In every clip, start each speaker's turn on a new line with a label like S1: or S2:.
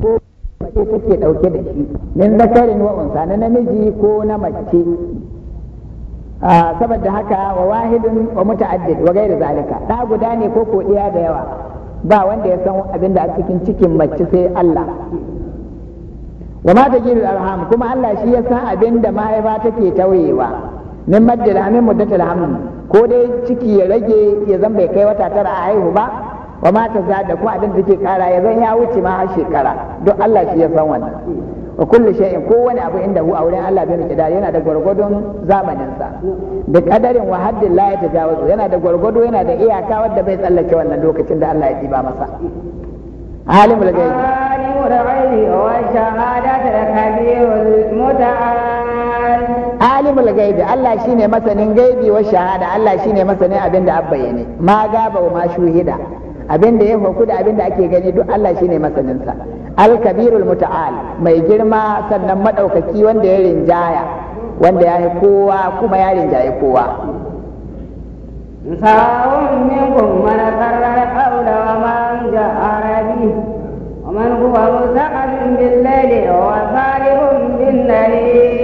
S1: ko mace take ɗauke da shi min zakarin wa unsa na namiji ko na mace saboda haka wa wahidin wa muta'addid wa gairu zalika da guda ne ko ko da yawa ba wanda ya san abin da a cikin cikin mace sai Allah wa ma tajidu arham kuma Allah shi ya san abin da mahaifa take tauyewa min maddal amin muddatul hamd ko dai ciki ya rage ya zan bai kai wata tara a haihu ba wa ma ta da ko abin da ke kara ya zan ya wuce ma har shekara don Allah shi ya san wannan wa kullu shay'in ko wani abu inda hu a wurin Allah bai miki yana da gwargwadon zamanin sa da kadarin wa haddin la ya tajawazu yana da gwargwado yana da iyaka wanda bai tsallake wannan lokacin da Allah ya diba masa alimul gaibi
S2: alimul gaibi wa shahadatu kabirul
S1: Allah shine masanin gaibi wa shahada Allah shine masanin abin da abbaye ma gaba wa ma shuhida abin da ya hauku da abin da ake gani duk Allah shine masaninsa al-kabirul muta'al mai girma sannan madaukaki wanda ya rinjaya wanda ya yi kowa kuma ya rinjaye kowa سواء
S2: منكم من أسر القول ومن جهر به ومن هو مسخر بالليل وصالح بالنهار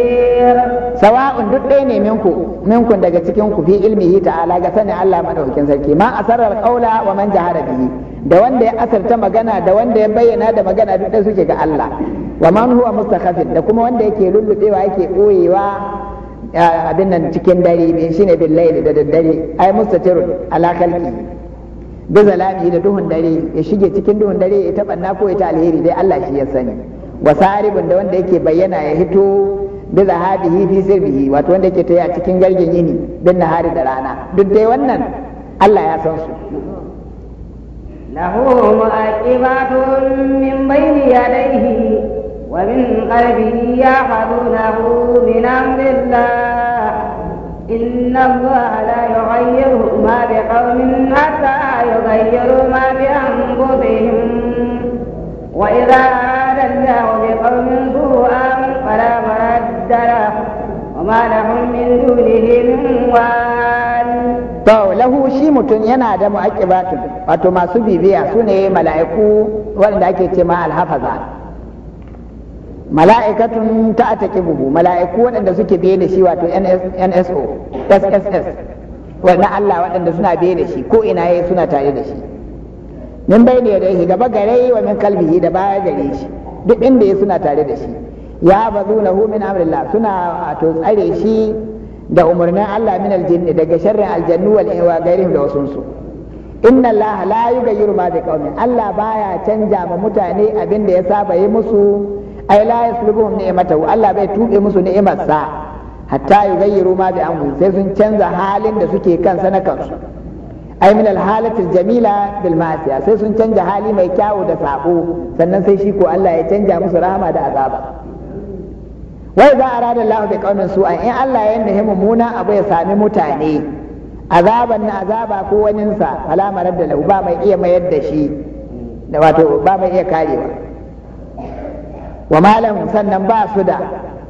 S1: sawa'un duk ɗaya ne minku minkun daga cikin ku fi ilmihi ta'ala ga sani Allah madaukin sarki ma asarar qaula wa man jahara bihi da wanda ya asarta magana da wanda ya bayyana da magana duk ɗaya suke ga Allah wa man huwa mustakhafin da kuma wanda yake lullubewa yake boyewa abin nan cikin dare ne shine bil layli da daddare ai mustatirun ala khalqi bi zalami da duhun dare ya shige cikin duhun dare ya tabanna ko ya ta alheri dai Allah shi ya sani wa saribun da wanda yake bayyana ya hito bi zahabihi fi sirbihi wato wanda yake tayi a cikin garjin yini bin nahari da rana duk dai wannan Allah ya san su
S2: lahu mu'aqibatun min bayni yadayhi wa min qalbihi yahfazunahu min amrillah إن الله لا يغير ما بقوم حتى يغيروا ما بأنفسهم وإذا عاد الله بقوم سوءا فلا مرد مقدرة وما لهم من دونه من وال
S1: to lahu shi mutum yana da mu'aqibatu wato masu bibiya su ne mala'iku wanda ake ce ma alhafaza mala'ikatun ta mala'iku waɗanda suke biye da shi wato NSO SSS wanda Allah waɗanda suna biye da shi ko ina yayi suna tare da shi min bai ne da shi gaba gare wa min kalbihi da baya gare shi duk inda ya suna tare da shi ya bazunahu min amrillah suna to tsare shi da umarnin Allah min aljinni daga sharrin aljannu wal wa gairihim da wasunsu inna Allah la yughayyiru ma biqaumin Allah baya canja ma mutane abin da ya saba yi musu ai la yaslubuhum ni'matahu Allah bai tuɓe musu ni'imar sa hatta yughayyiru ma bi anfusihim sai sun canza halin da suke kansa na kansu ai min alhalati jamila bil ma'asiya sai sun canja hali mai kyawu da sabo sannan sai shi ko Allah ya canja musu rahama da azaba wai za a rada Allah bi qaumin su'a in Allah ya nahi mummuna abu ya sami mutane azaban na azaba ko wanin sa alamar da lahu ba mai iya mayar da shi da wato ba mai iya karewa wa malam sannan ba su da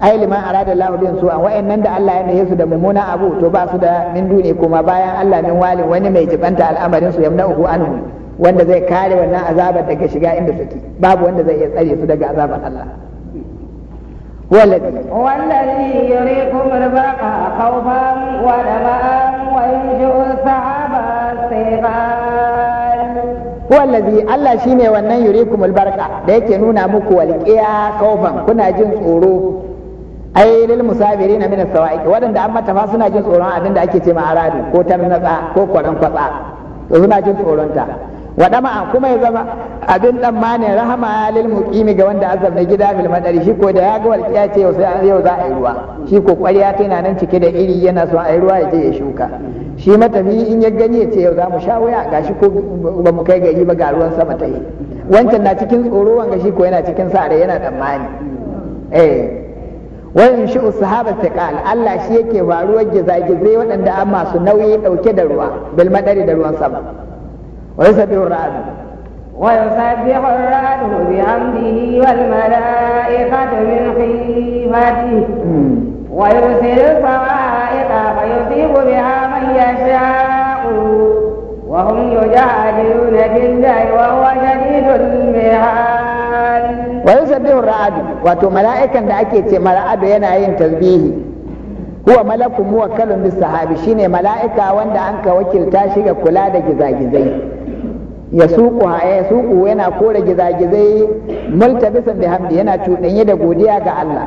S1: ai liman arada Allah bin su'a nan da Allah ya nahi su da mummuna abu to ba su da min duni kuma bayan Allah min wali wani mai jibanta al'amarin su yamna'uhu anhu wanda zai kare wannan azabar daga shiga inda suke babu wanda zai iya tsare su daga azabar Allah هو allah
S2: هو الذي يريكم
S1: wannan yurikum albarka da yake nuna muku walƙiya kaufan kuna jin tsoro ai lil musabirin na as-sawa'iq an matafa suna jin tsoron abinda ake ce ma aradu ko tarnatsa ko kwaran kwatsa to suna jin tsoron ta Waɗama ma kuma ya zama abin tsammanin rahama lil muqimi ga wanda azab na gida bil madari shi ko da ya ga walƙiya ce yau sai yau za a yi ruwa shi ko ƙwarya ta yana nan cike da iri yana son a yi ruwa ya je ya shuka shi matafi in ya gani ya ce yau za mu sha wuya gashi ko ba mu kai gari ba ga ruwan sama ta yi wancan na cikin tsoro wanga shi ko yana cikin sa yana tsammani eh wayan shi ta tiqal Allah shi yake faruwar gizagizai waɗanda an masu nauyi ɗauke da ruwa bil madari da ruwan sama ويسبح الرعد
S2: ويسبح الرعد بحمده والملائكة من خيفته ويرسل الصواعق فيصيب بها من يشاء وهم يجادلون بالله وهو شديد المهاد
S1: ويسبح الرعد واتو ملائكة دا أكيد مرعد ينعين تسبيهي huwa malakun muwakkalun bis sahabi shine mala'ika wanda an ka wakilta shi ga kula da gizagizai ya suku ya suku yana kore gizagizai multabisan bi hamdi yana cuɗanye da godiya ga Allah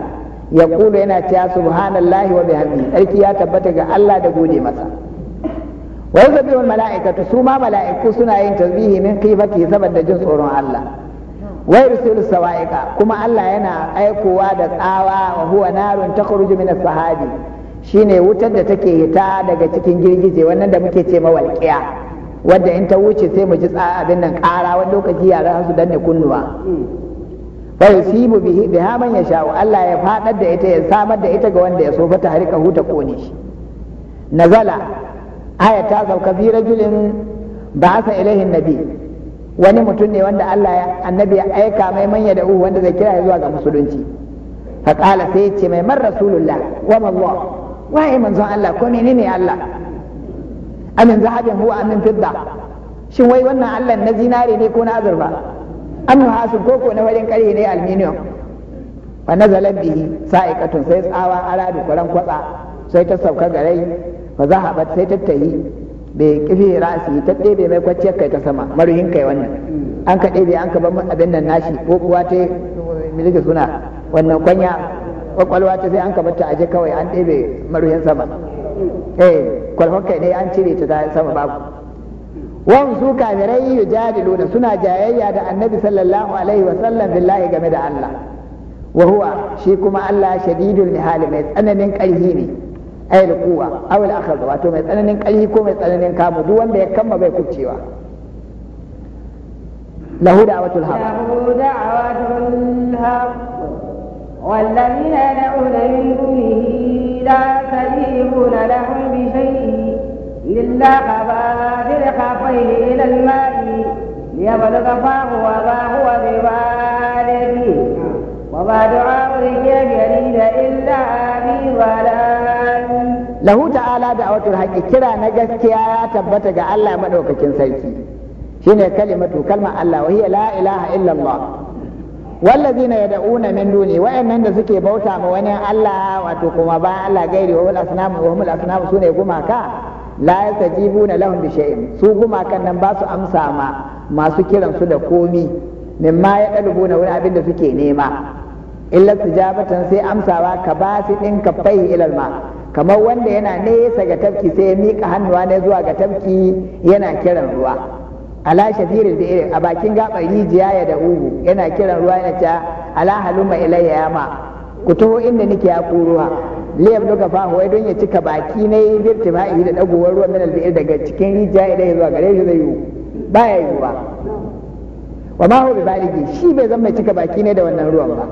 S1: ya kulu yana cewa subhanallahi wa bihamdi sarki ya tabbata ga Allah da gode masa wa yusabbihul mala'ikatu su ma mala'iku suna yin tasbihi min kifati saboda jin tsoron Allah wa yursilu sawa'iqa kuma Allah yana aikowa da tsawa wa huwa narun takhruju min as-sahabi shine wutar da take hita daga cikin girgije wannan da muke ce walqiya wadda in ta wuce sai mu ji abin nan ƙara wani lokaci yara su danne kunnuwa fa yusibu bihi biha man yasha Allah ya fadar da ita ya samar da ita ga wanda ya so fa ta harika huta kone shi nazala aya ta sauka bi rajulin ba'asa ilaihi nabi wani mutum ne wanda Allah ya annabi ya aika mai manya da uhu wanda zai kira zuwa ga musulunci fa qala sai ya ce mai man rasulullah wa man Allah wa ai manzon Allah ko menene Allah amin zahabin huwa amin fidda shin wai wannan Allah na zinare ne ko na azurfa an nuhasun koko na wajen kare ne aluminium fa nazalat bihi sa'iqatun sai tsawa aradu kwaran kwatsa sai ta sauka garai fa zahabat sai tattahi bai kifi rasi ta ɗebe mai kwacciyar kai ta sama maruhin kai wannan an ka ɗebe an ka bar abin nan nashi ko kuwa ta miliki suna wannan kwanya kwakwalwa ta sai an ka bata aje kawai an ɗebe maruhin sama eh kwalfar kai ne an cire ta sama babu wan su kafirai yujadiluna suna jayayya da annabi sallallahu alaihi wa sallam billahi game da Allah wa huwa shi kuma Allah shadidul mihal mai tsananin karhi ne ayil quwa aw al akhadh wato mai tsananin karhi ko mai tsananin kamu duk wanda ya kama bai kucewa Lahu دعوة الحق
S2: له دعوة والذين يدعون من دونه لا تليقون بشيء إلا قبائل خفيه إلى الماء ليبلغ فاه وما هو
S1: وما دعاء
S2: إلا في
S1: lahu ta'ala da awatul haƙi kira na gaskiya ya tabbata ga Allah madaukakin sarki shine kalimatu kalma Allah wa hiya la illallah wallazi na wallazina yad'una min duni wa'annan da suke bauta ma wani Allah wato kuma ba Allah gairi wa asnam wa hum asnam sune gumaka la yastajibuna lahum bi shay'in su gumakan nan ba su amsa ma masu kiran su da komi ma ya na wani abin da suke nema illa tijabatan sai amsawa ka ba su din ka fai ilal ma kamar wanda yana nesa ga tafki sai ya mika hannuwa ne zuwa ga tafki yana kiran ruwa ala shafirin da a bakin gaɓar rijiya ya da ugu yana kiran ruwa yana ta ala halumma ilayya yama ku taho inda nake ya kuruwa liyab duka fahu wai don ya cika baki na yi birti ba da dagowar ruwa min albi'ir daga cikin rijiya idan ya zuwa gare shi zai yiwu ba ya ba. wa ma hu bi baligi shi bai zan mai cika baki ne da wannan ruwan ba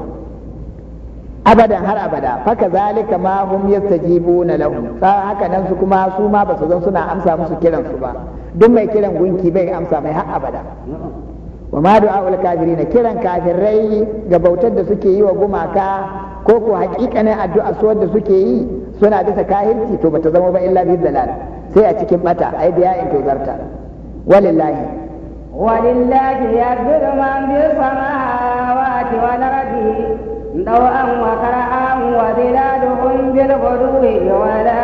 S1: abadan har abada faka zalika ma hum yastajibuna lahum fa haka nan su kuma su ma ba su zan suna amsa musu kiransu ba duk mai kiran gunki bai amsa mai har abada wa ma du'a'ul kafirina kiran kafirai ga bautar da suke yi wa gumaka ko ko hakikanin addu'a su wanda suke yi suna bisa kahirci to bata zama ba illa bil dalal sai a cikin bata ai da ya in zarta walillahi
S2: walillahi yaghfiru man bi samawati wal ardi daw'an wa qara'an wa diladuhum bil ghudwi wala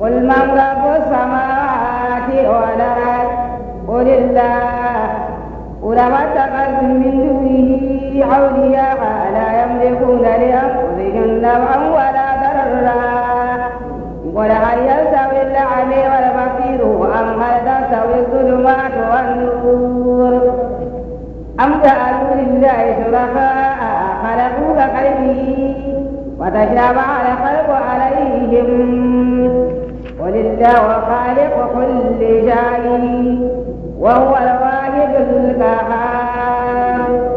S2: qul man الله ولما اتخذوا من دونه أولياء لا يملكون لأنفسهم نفعا ولا ضرا قل هل يستوي العلي والبصير أم هل تستوي الظلمات والنور أم جعلوا لله شركاء خلقوا كخلقه وتشابه على خلق عليهم قل الله خالق كل شيء وهو الواحد القهار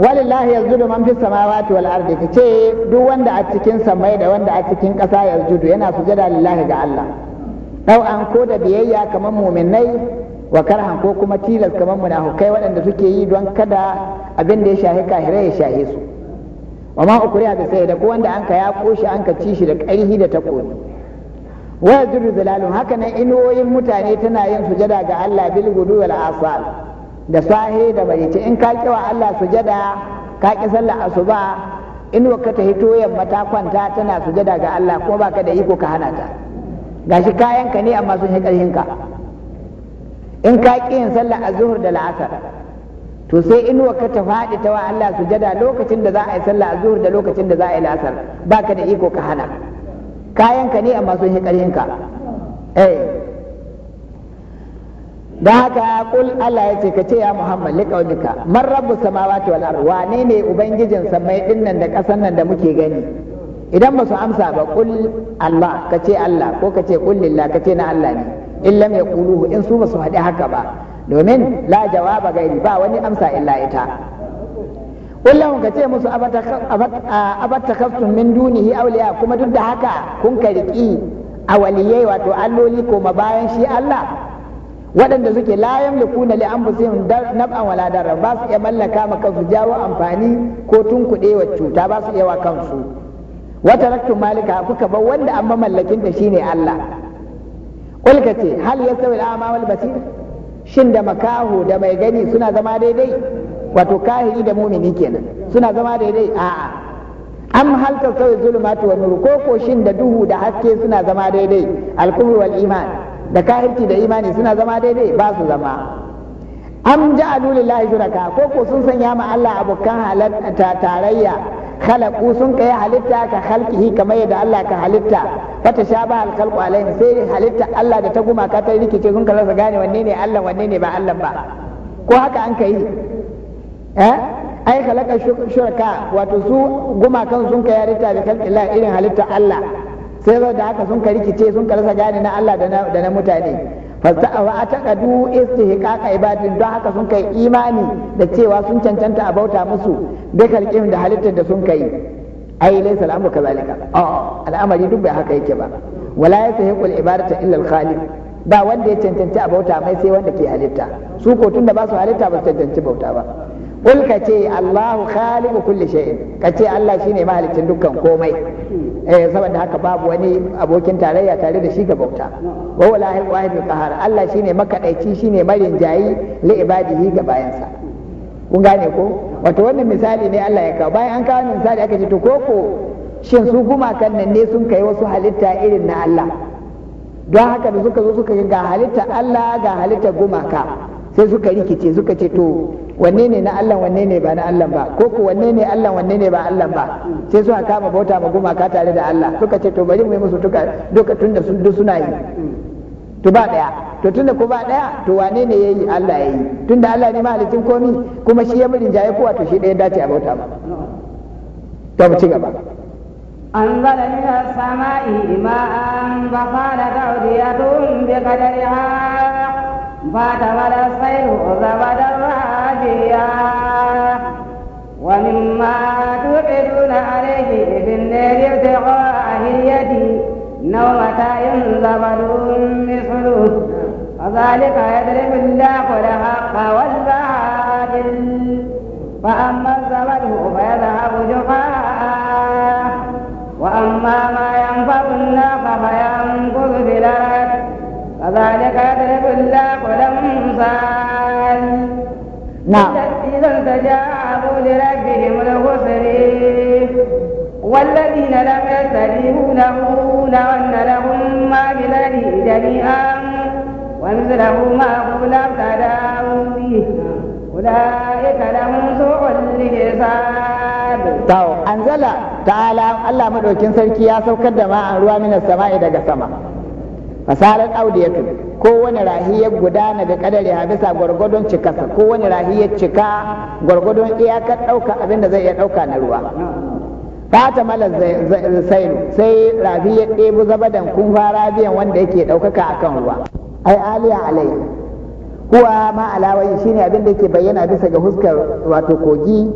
S1: ولله يسجد من في السماوات والارض كتي duk wanda a cikin samai da wanda a cikin ƙasa yasjudu yana sujada lillahi ga Allah dau an ko da biyayya kamar muminai wa karhan ko kuma tilas kamar kai waɗanda suke yi don kada abin da ya shahi kahira ya shahi su wa ma ukriha da sai da ko wanda an ya koshi anka ka ci shi da karhi da takobi wa zuru zalalun haka nan inuwoyin mutane tana yin sujada ga Allah bil gudu wal asal da sahe da ce in ka kiwa Allah sujada ka ki sallar asuba in waka ta hito yamma ta kwanta tana sujada ga Allah ko baka da iko ka hana ta gashi kayan ka ne amma sun yi karhin ka in ka ki yin sallar azhur da la'asar to sai in waka ta faɗi ta wa Allah sujada lokacin da za a yi sallar azhur da lokacin da za a yi la'asar baka da iko ka hana kayan ka ne amma sun yi ƙarfin ka eh da haka kul Allah ya ce ka ce ya Muhammad liqaulika man rabbu samawati wal ard wane ne ubangijin samai din nan da ƙasar nan da muke gani idan ba su amsa ba kul Allah ka ce Allah ko ka ce kul lillah ka ce na Allah ne in lam yaquluhu in su ba su haɗi haka ba domin la jawaba gairi ba wani amsa illa ita kullum ka ce musu abattakaftun min dunihi auliya kuma duk da haka kun ka riƙi a waliyai wato alloli ko bayan shi Allah waɗanda suke layan yamlikuna li anfusihim naf'an wala darra ba su iya mallaka ma kansu jawo amfani ko tun kuɗe wa cuta ba su iya wa kansu Wata raktun malika kuka bar wanda an mallakin ta shine Allah ka ce hal ya ama wal basir shin da makaho da mai gani suna zama daidai wato kahiri da mumini kenan suna zama daidai a'a am hal tasawi zulumatu wa nur ko ko shin da duhu da haske suna zama daidai al-kufru wal iman da kahirci da imani suna zama daidai ba su zama am ja'alu lillahi shuraka ko ko sun sanya ma Allah abokan halatta tarayya khalaqu sun kai halitta ka khalqihi kamar yadda Allah ka halitta fata shaba al khalqu alaihim sai halitta Allah da ta gumaka ta ce sun karasa gane wanne ne Allah wanne ne ba Allah ba ko haka an kai Eh? ai halaka shuraka wato su gumakan sun ka yarita da kan kalkila irin halitta Allah sai zo da haka sun ka rikice sun ka rasa gane na Allah da na mutane fastawa ataqadu istihqaqa ibadin don haka sun kai imani da cewa sun cancanta a bauta musu da kalkin da halittar da sun kai ai laysa al'amru kazalika a oh, al'amari duk bai haka yake ba wala yastahiqul ibadata illa al-khaliq ba wanda ya cancanci a bauta mai sai wanda ke halitta su ko tunda ba su halitta ba su cancanci bauta ba kul ka ce Allahu khaliqu kulli shay ka ce Allah shine mahalicin dukkan komai eh saboda haka babu wani abokin tarayya tare da shi ga bauta wa wala wahidul qahar Allah shine makadaici shine marin jayi li ibadihi ga bayansa kun gane ko wato wannan misali ne Allah ya kawo bayan an kawo misali aka ce to koko shin su gumakan nan ne sun kai wasu halitta irin na Allah don haka da suka zo suka ga halitta Allah ga halitta gumaka sai suka rikice suka ce to wanne ne na Allah wanne ne ba na Allah ba ko ko wanne ne Allah wanne ne ba Allah ba sai suka kama bauta ma gumaka tare da Allah suka ce to bari mu yi musu duka duka tunda sun duk suna yi to ba daya to tunda ko ba daya to wane ne yayi Allah yayi tunda Allah ne mahalicin komi kuma shi ya murin jaye kuwa to shi ya dace a bauta ba to mu ci gaba
S2: أنزل من السماء ماء فقال تودية بقدرها فاعتمد السيل زبدا رابيا ومما توعدون عليه في الليل ابتغاء هليتي نومة زبد مثله وذلك يضرب الله الحق والباطل فأما الزبد فيذهب جفاء وأما ما ينفع الناس فينقذ بلا كذلك يضرب الله الأمثال نعم إذا استجابوا لربهم الحسن والذين لم يستجيبوا له لأن لهم ما بلده جميعا ومثله معه لابتداوا به أولئك لهم سوء
S1: الحساب تو أنزل تعالى الله مدوكين سركي يا سوكر دماء ruwa من السماء daga sama fasarar audiyatu wani rahi ya gudana da kadari ha bisa gwargwadon cikarsa ko rahi ya cika gwargwadon iyakar ɗauka abin da zai iya ɗauka na ruwa fata malar sailu sai rafi ya ɗebi zabadan kun fara biyan wanda yake ɗaukaka akan ruwa ai aliya alai kuwa ma alawai shine abin da yake bayyana bisa ga huskar wato kogi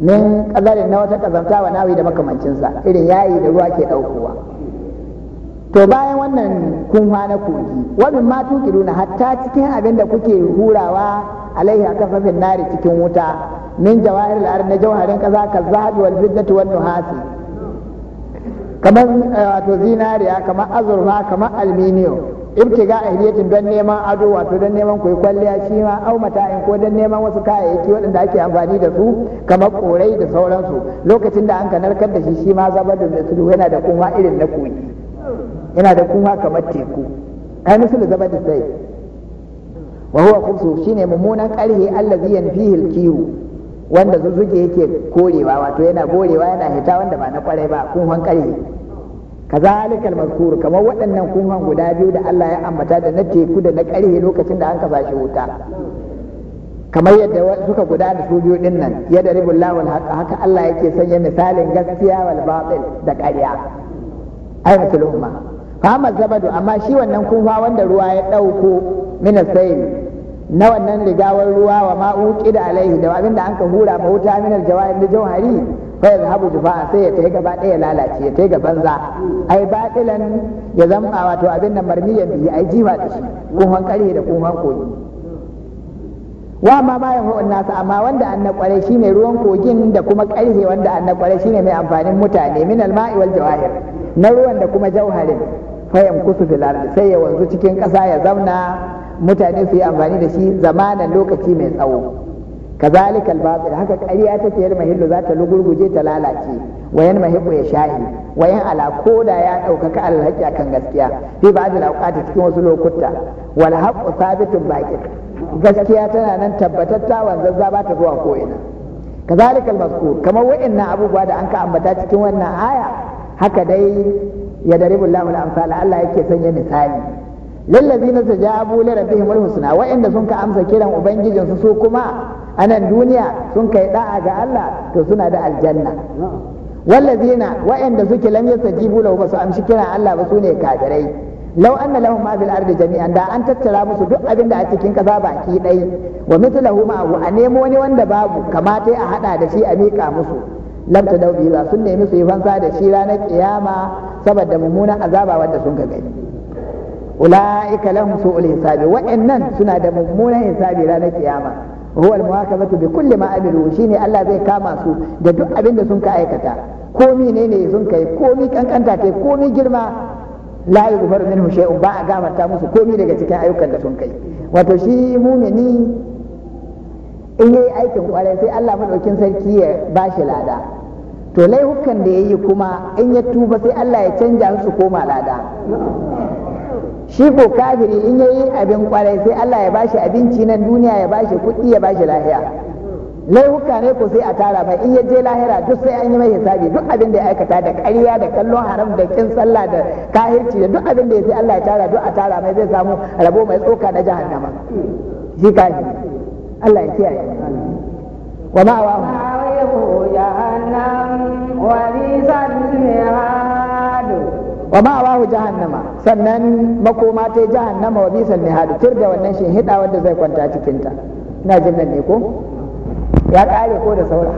S1: min kazarin na wata kazanta wa nawi da makamancinsa irin yayi da ruwa ke ɗaukowa to bayan wannan kun hana kogi wabin ma tuqiluna hatta cikin abin da kuke hurawa alaihi akafafin nari cikin wuta min jawahir al na jawaharin kaza ka zahabi wal fiddati wal nuhasi kamar eh, wato zinariya kamar azurfa kamar alminiyo ga ahliyatin don neman ado wato don neman koyi kwalliya shi ma au mata'in ko don neman wasu kayayyaki waɗanda ake amfani da su kamar korai da sauransu lokacin da an ka narkar da shi shi ma zabar da yana da kuma irin na koyi yana da kuma kamar teku ai musul zama da sai wa huwa khubsu shine mummunan karhe allazi yanfihi alkiru wanda zuzuge yake korewa wato yana gorewa yana hita wanda ba na kwarai ba kunhan karhe kazalika almazkur kamar waɗannan kunhan guda biyu da Allah ya ambata da na teku da na karhe lokacin da an kasa shi wuta kamar yadda suka guda da su biyu din nan yadda ribul lawal haka haka Allah yake sanya misalin gaskiya wal batil da ƙarya ayatul umma fama zabadu amma shi wannan kunfa wanda ruwa ya ɗauko mina sai na wannan rigawar ruwa wa uki da alaihi da abin da an hura ma wuta mina jawahir da jauhari fa ya zahabu jufa'a sai ya tai gaba ɗaya lalace ya tai ga banza ai batilan ya zama wato abin nan marmiyan biyu ai jiwa da shi kuhon ƙarhe da kuhon kogi wa ma bayan hu'un nasa amma wanda an na kware shine ruwan kogin da kuma ƙarhe wanda an na kware shine mai amfanin mutane min alma'i wal jawahir na ruwan da kuma jauharin fayan kusu fil sai ya wanzu cikin ƙasa ya zamna mutane su yi amfani da shi zamanan lokaci mai tsawo kazalikal da haka ƙarya ta yar mahillu za ta lugurguje ta lalace wayan mahibbu ya shahi wayan ala da ya ɗaukaka alhaki akan gaskiya fi ba da auqati cikin wasu lokuta wal haqqu thabitun baqi gaskiya tana nan tabbatatta wanzan ba ta zuwa ko ina kazalikal mazkur kamar wa'annan abubuwa da an ka ambata cikin wannan aya haka dai ya dare lahu al-amsal Allah yake sanya misali lillazina tajabu li rabbihim al-husna wa'inda sun ka amsa kiran ubangijin su su kuma a nan duniya sun kai da'a ga Allah to suna da aljanna wallazina wa'inda suke lam yastajibu lahu ba su amshi kiran Allah ba su ne kafirai law anna lahum ma fil ardi jami'an da an tattara musu duk abin da a cikin kasa baki dai wa mithluhu ma a nemo wani wanda babu kamata a hada da shi a mika musu lam tadau bi sun nemi su yi fansa da shi ranar kiyama saboda mummunan azaba wanda sun ka gani ula'ika lahum su'ul hisabi wa'annan suna da mummunan hisabi ranar kiyama huwa al bi kulli ma amilu shine Allah zai kama su da duk abin da sun ka aikata komi ne ne sun kai komi kankanta kai komi girma la yughfaru minhu shay'un ba a gafarta musu komi daga cikin ayyukan da sun kai wato shi mumini in yayi aikin kwarai sai Allah madaukin sarki ya bashi lada to laihukan da ya yi kuma in ya tuba sai Allah ya canja su koma lada shi ko kafiri in ya yi abin kwarai sai Allah ya bashi abinci nan duniya ya bashi kuɗi ya bashi lahiya laihuka ne ko sai a tara mai in ya je lahira duk sai an yi mai hisabi duk abin da ya aikata da ƙarya da kallon haram da kin sallah da kahirci da duk abin da ya sai Allah ya tara duk a tara mai zai samu rabo mai tsoka na jahannama shi kafiri Allah ya kiyaye wa ma'awahu
S2: jahannama
S1: wa ma wa hu jahannama sannan makoma ta jahannama wa ne hadu tur da wannan shin hida wanda zai kwanta cikin ta ina jin nan ne ko ya kare ko da saura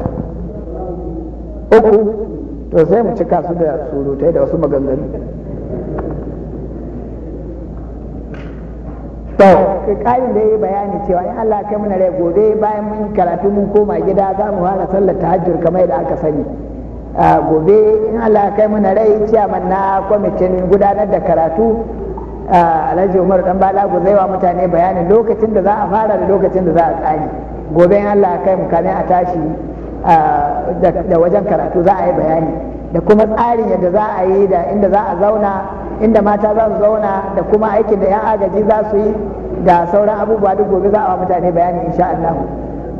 S1: uku to sai mu cika su da surutai da wasu maganganu to kai da yayi bayani cewa in Allah kai mana rai gobe bayan mun karatu mun koma gida za mu fara sallar tahajjud kamar yadda aka sani gobe in Allah kai muna rai ciyaman na kwamitin gudanar da karatu alhaji umar dan bala zai wa mutane bayanin lokacin da za a fara da lokacin da za a tsani gobe in Allah kai mu kamin a tashi da wajen karatu za a yi bayani da kuma tsarin yadda za a yi da inda za a zauna inda mata za su zauna da kuma aikin da 'yan agaji za su yi da sauran abubuwa duk gobe za a wa mutane bayani insha Allah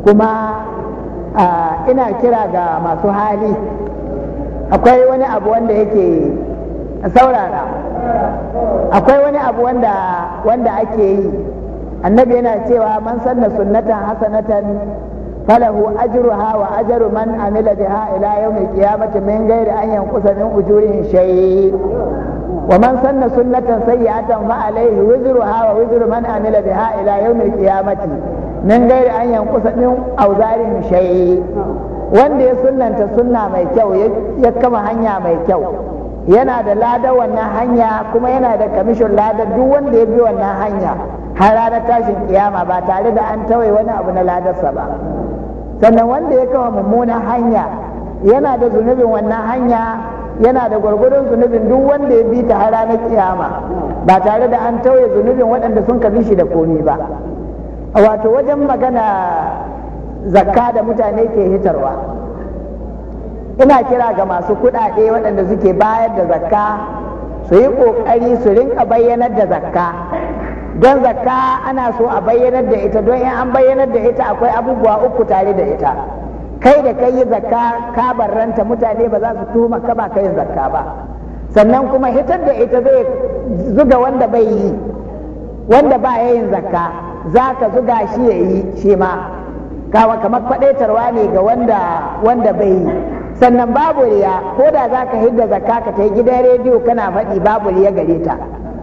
S1: kuma ina kira ga masu hali akwai wani abu wanda yake saurara akwai wani abu wanda wanda ake yi annabi yana cewa man sanna sunnatan hasanatan falahu ajruha wa ajru man amila biha ila yawm al-qiyamati min ghairi an yanqusa min ujurihi shay'i wa man sanna sunnatan sayyi'atan fa alayhi wizruha wa wizru man amila biha ila yawm al-qiyamati min ghairi an yanqusa min awzarihi shay'i wanda ya sunanta sunna mai kyau ya kama hanya mai kyau yana da lada wannan hanya kuma yana da kamishin lada duk wanda ya bi wannan hanya har ranar tashin kiyama ba tare da an tawaye wani abu na ladarsa ba sannan wanda ya kama mummunan hanya yana da zunubin wannan hanya yana da gwargwadon zunubin duk wanda ya bi ta har ranar kiyama ba tare da an tawaye zunubin waɗanda sun kabi shi da komi ba wato wajen magana zakka da mutane ke hitarwa ina kira ga masu kuɗaɗe waɗanda suke bayar da zakka su yi ƙoƙari su rinka bayyanar da zakka don zakka ana so a bayyanar da ita don in an bayyanar da ita akwai abubuwa uku tare da ita kai da kai yi zakka ka barranta mutane ba za su tuhuma ka ba kai zakka ba sannan kuma hitar da ita zai zuga wanda bai yi wanda ba yayin zakka za ka zuga shi ya yi shi ma kawa kamar faɗaitarwa ne ga wanda wanda bai sannan babu riya ko da za ka hidda zakka ka yi gidan rediyo kana faɗi babu riya gare ta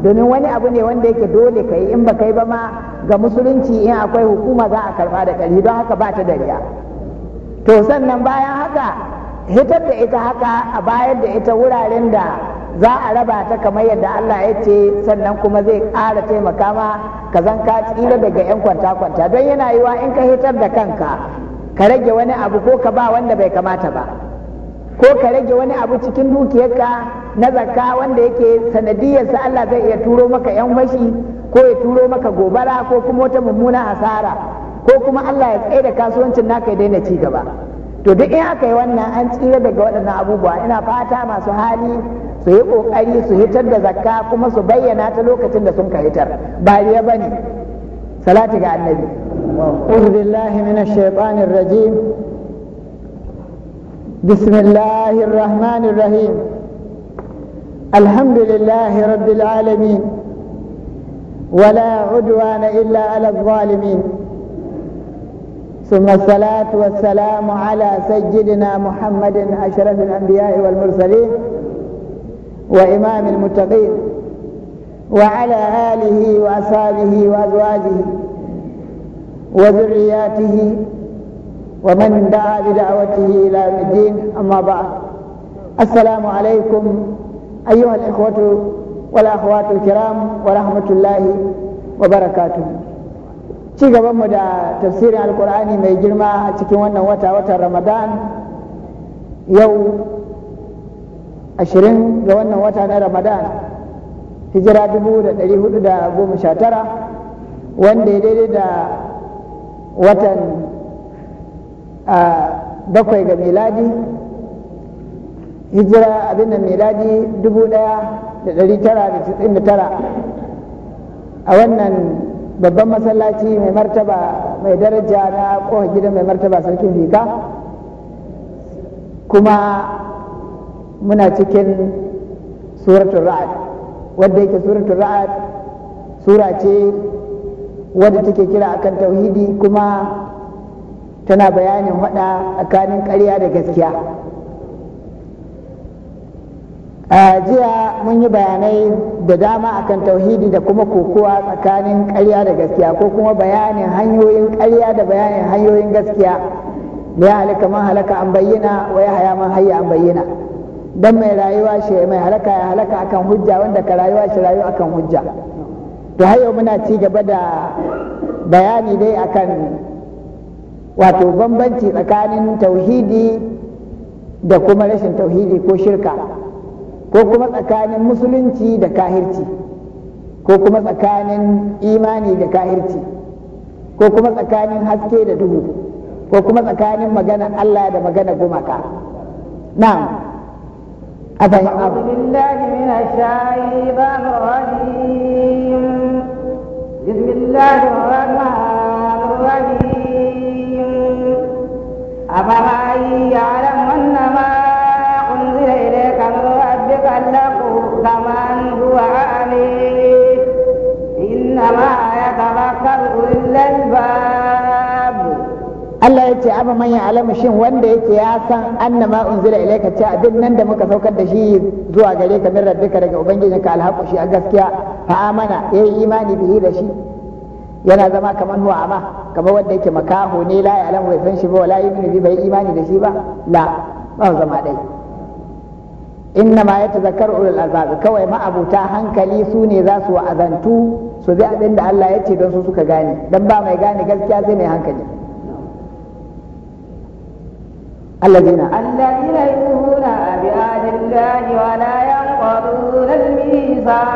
S1: domin wani abu ne wanda yake dole ka yi in ba kai ba ma ga musulunci in akwai hukuma za a karba da ƙarfi don haka ba ta da riya to sannan bayan haka hitar da ita haka a bayar da ita wuraren da za a raba ta kamar yadda Allah ya ce sannan kuma zai ƙara taimaka ma ka zan ka tsira daga 'yan kwanta-kwanta don yana yiwa in ka hitar da kanka ka rage wani abu ko ka ba wanda bai kamata ba ko ka rage wani abu cikin dukiyarka na zakka wanda yake sanadiyarsa Allah zai iya turo maka 'yan fashi ko ya turo maka gobara ko kuma wata mummuna hasara ko kuma Allah ya tsaye da kasuwancin naka ya daina ci gaba. to duk in aka yi wannan an tsira daga waɗannan abubuwa ina fata masu hali su yi ƙoƙari su hitar da zakka kuma su bayyana ta lokacin da sun ka hitar ba riya ba ne salati ga annabi أعوذ بالله من الشيطان الرجيم بسم الله الرحمن الرحيم الحمد لله رب العالمين ولا ثم الصلاة والسلام على سيدنا محمد أشرف الأنبياء والمرسلين وإمام المتقين وعلى آله وأصحابه وأزواجه وذرياته ومن دعا بدعوته إلى الدين أما بعد السلام عليكم أيها الإخوة والأخوات الكرام ورحمة الله وبركاته ci gabanmu da tafsirin alkur'ani mai girma a cikin wannan wata watan ramadan yau ashirin ga wannan wata na ramadan hijira dubu da ɗari hudu da goma sha tara wanda ya daidai da watan bakwai ga miladi hijira abin da miladi dubu ɗaya da ɗari tara da tara a wannan babban masallaci mai martaba mai daraja na kowa gidan mai martaba sarkin fika kuma muna cikin suratul ra'ad wadda yake suratul ra'ad sura ce wadda take kira akan tauhidi kuma tana bayanin hada tsakanin karya da gaskiya jiya mun yi bayanai da dama akan tauhidi da kuma kokowa tsakanin ƙarya da gaskiya ko kuma bayanin hanyoyin ƙarya da bayanin hanyoyin gaskiya da ya halaka man halaka an bayyana wa ya haya man hayya an bayyana dan mai rayuwa shi mai halaka ya halaka akan hujja wanda ka rayuwa shi rayu akan hujja to har yau muna ci gaba da bayani dai akan wato bambanci tsakanin tauhidi da kuma rashin tauhidi ko shirka ko kuma tsakanin musulunci da kahirci ko kuma tsakanin imani da kahirci ko kuma tsakanin haske da duhu ko kuma tsakanin magana Allah da magana gumaka na'am أفهم أعوذ
S2: بالله من الشيطان الرجيم بسم الله الرحمن الرحيم أفمن يعلم الألباب
S1: Allah ya ce abu man alamu shin wanda yake ya san annama unzila ilayka ce abin nan da muka saukar da shi zuwa gare ka min rabbika daga ka alhaqu shi a gaskiya fa amana yayi imani bihi da shi yana zama kamar huwa ama kamar wanda yake makaho ne la ya bai san shi ba wala ba bi bai imani da shi ba la ba zama dai inna ma zakar ulul albab kawai ma'abuta hankali su ne za su wa'azantu su bi abin da Allah ya ce don su suka gane dan ba mai gane gaskiya sai mai hankali الذين
S2: bi يؤمنون wa la ولا al الميثاق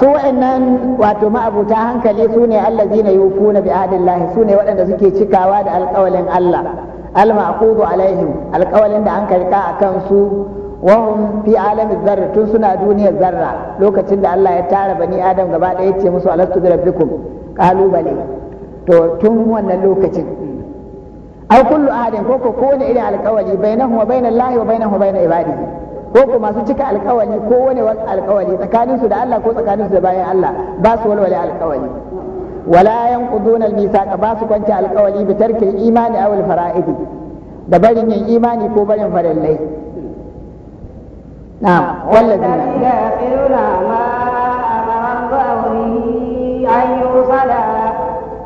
S1: su wa'annan wato ma'abuta hankali su ne alladina yufuna bi ahdillahi su ne waɗanda suke cikawa da alƙawalin Allah al-ma'qudu alaihim alƙawalin da an karka akan su wahum fi alami zarra tun suna duniyar zarra lokacin da Allah ya tara bani adam gaba ɗaya ce musu alastu bi rabbikum kalubale to tun wannan lokacin Ai kullu ahadin ko ko kowane irin alkawali bainahu wa bainal lahi wa bainahu wa bainal ibadi ko ko masu cika alkawari ko wani tsakanin tsakaninsu da Allah ko tsakaninsu da bayan Allah ba su walwale alkawari wala yanquduna almisaqa ba su kwance alkawari bi tarkil imani aw alfara'idi da barin yin imani ko barin farillai نعم والذين
S2: يأكلون ما أمر الله به أن يوصلا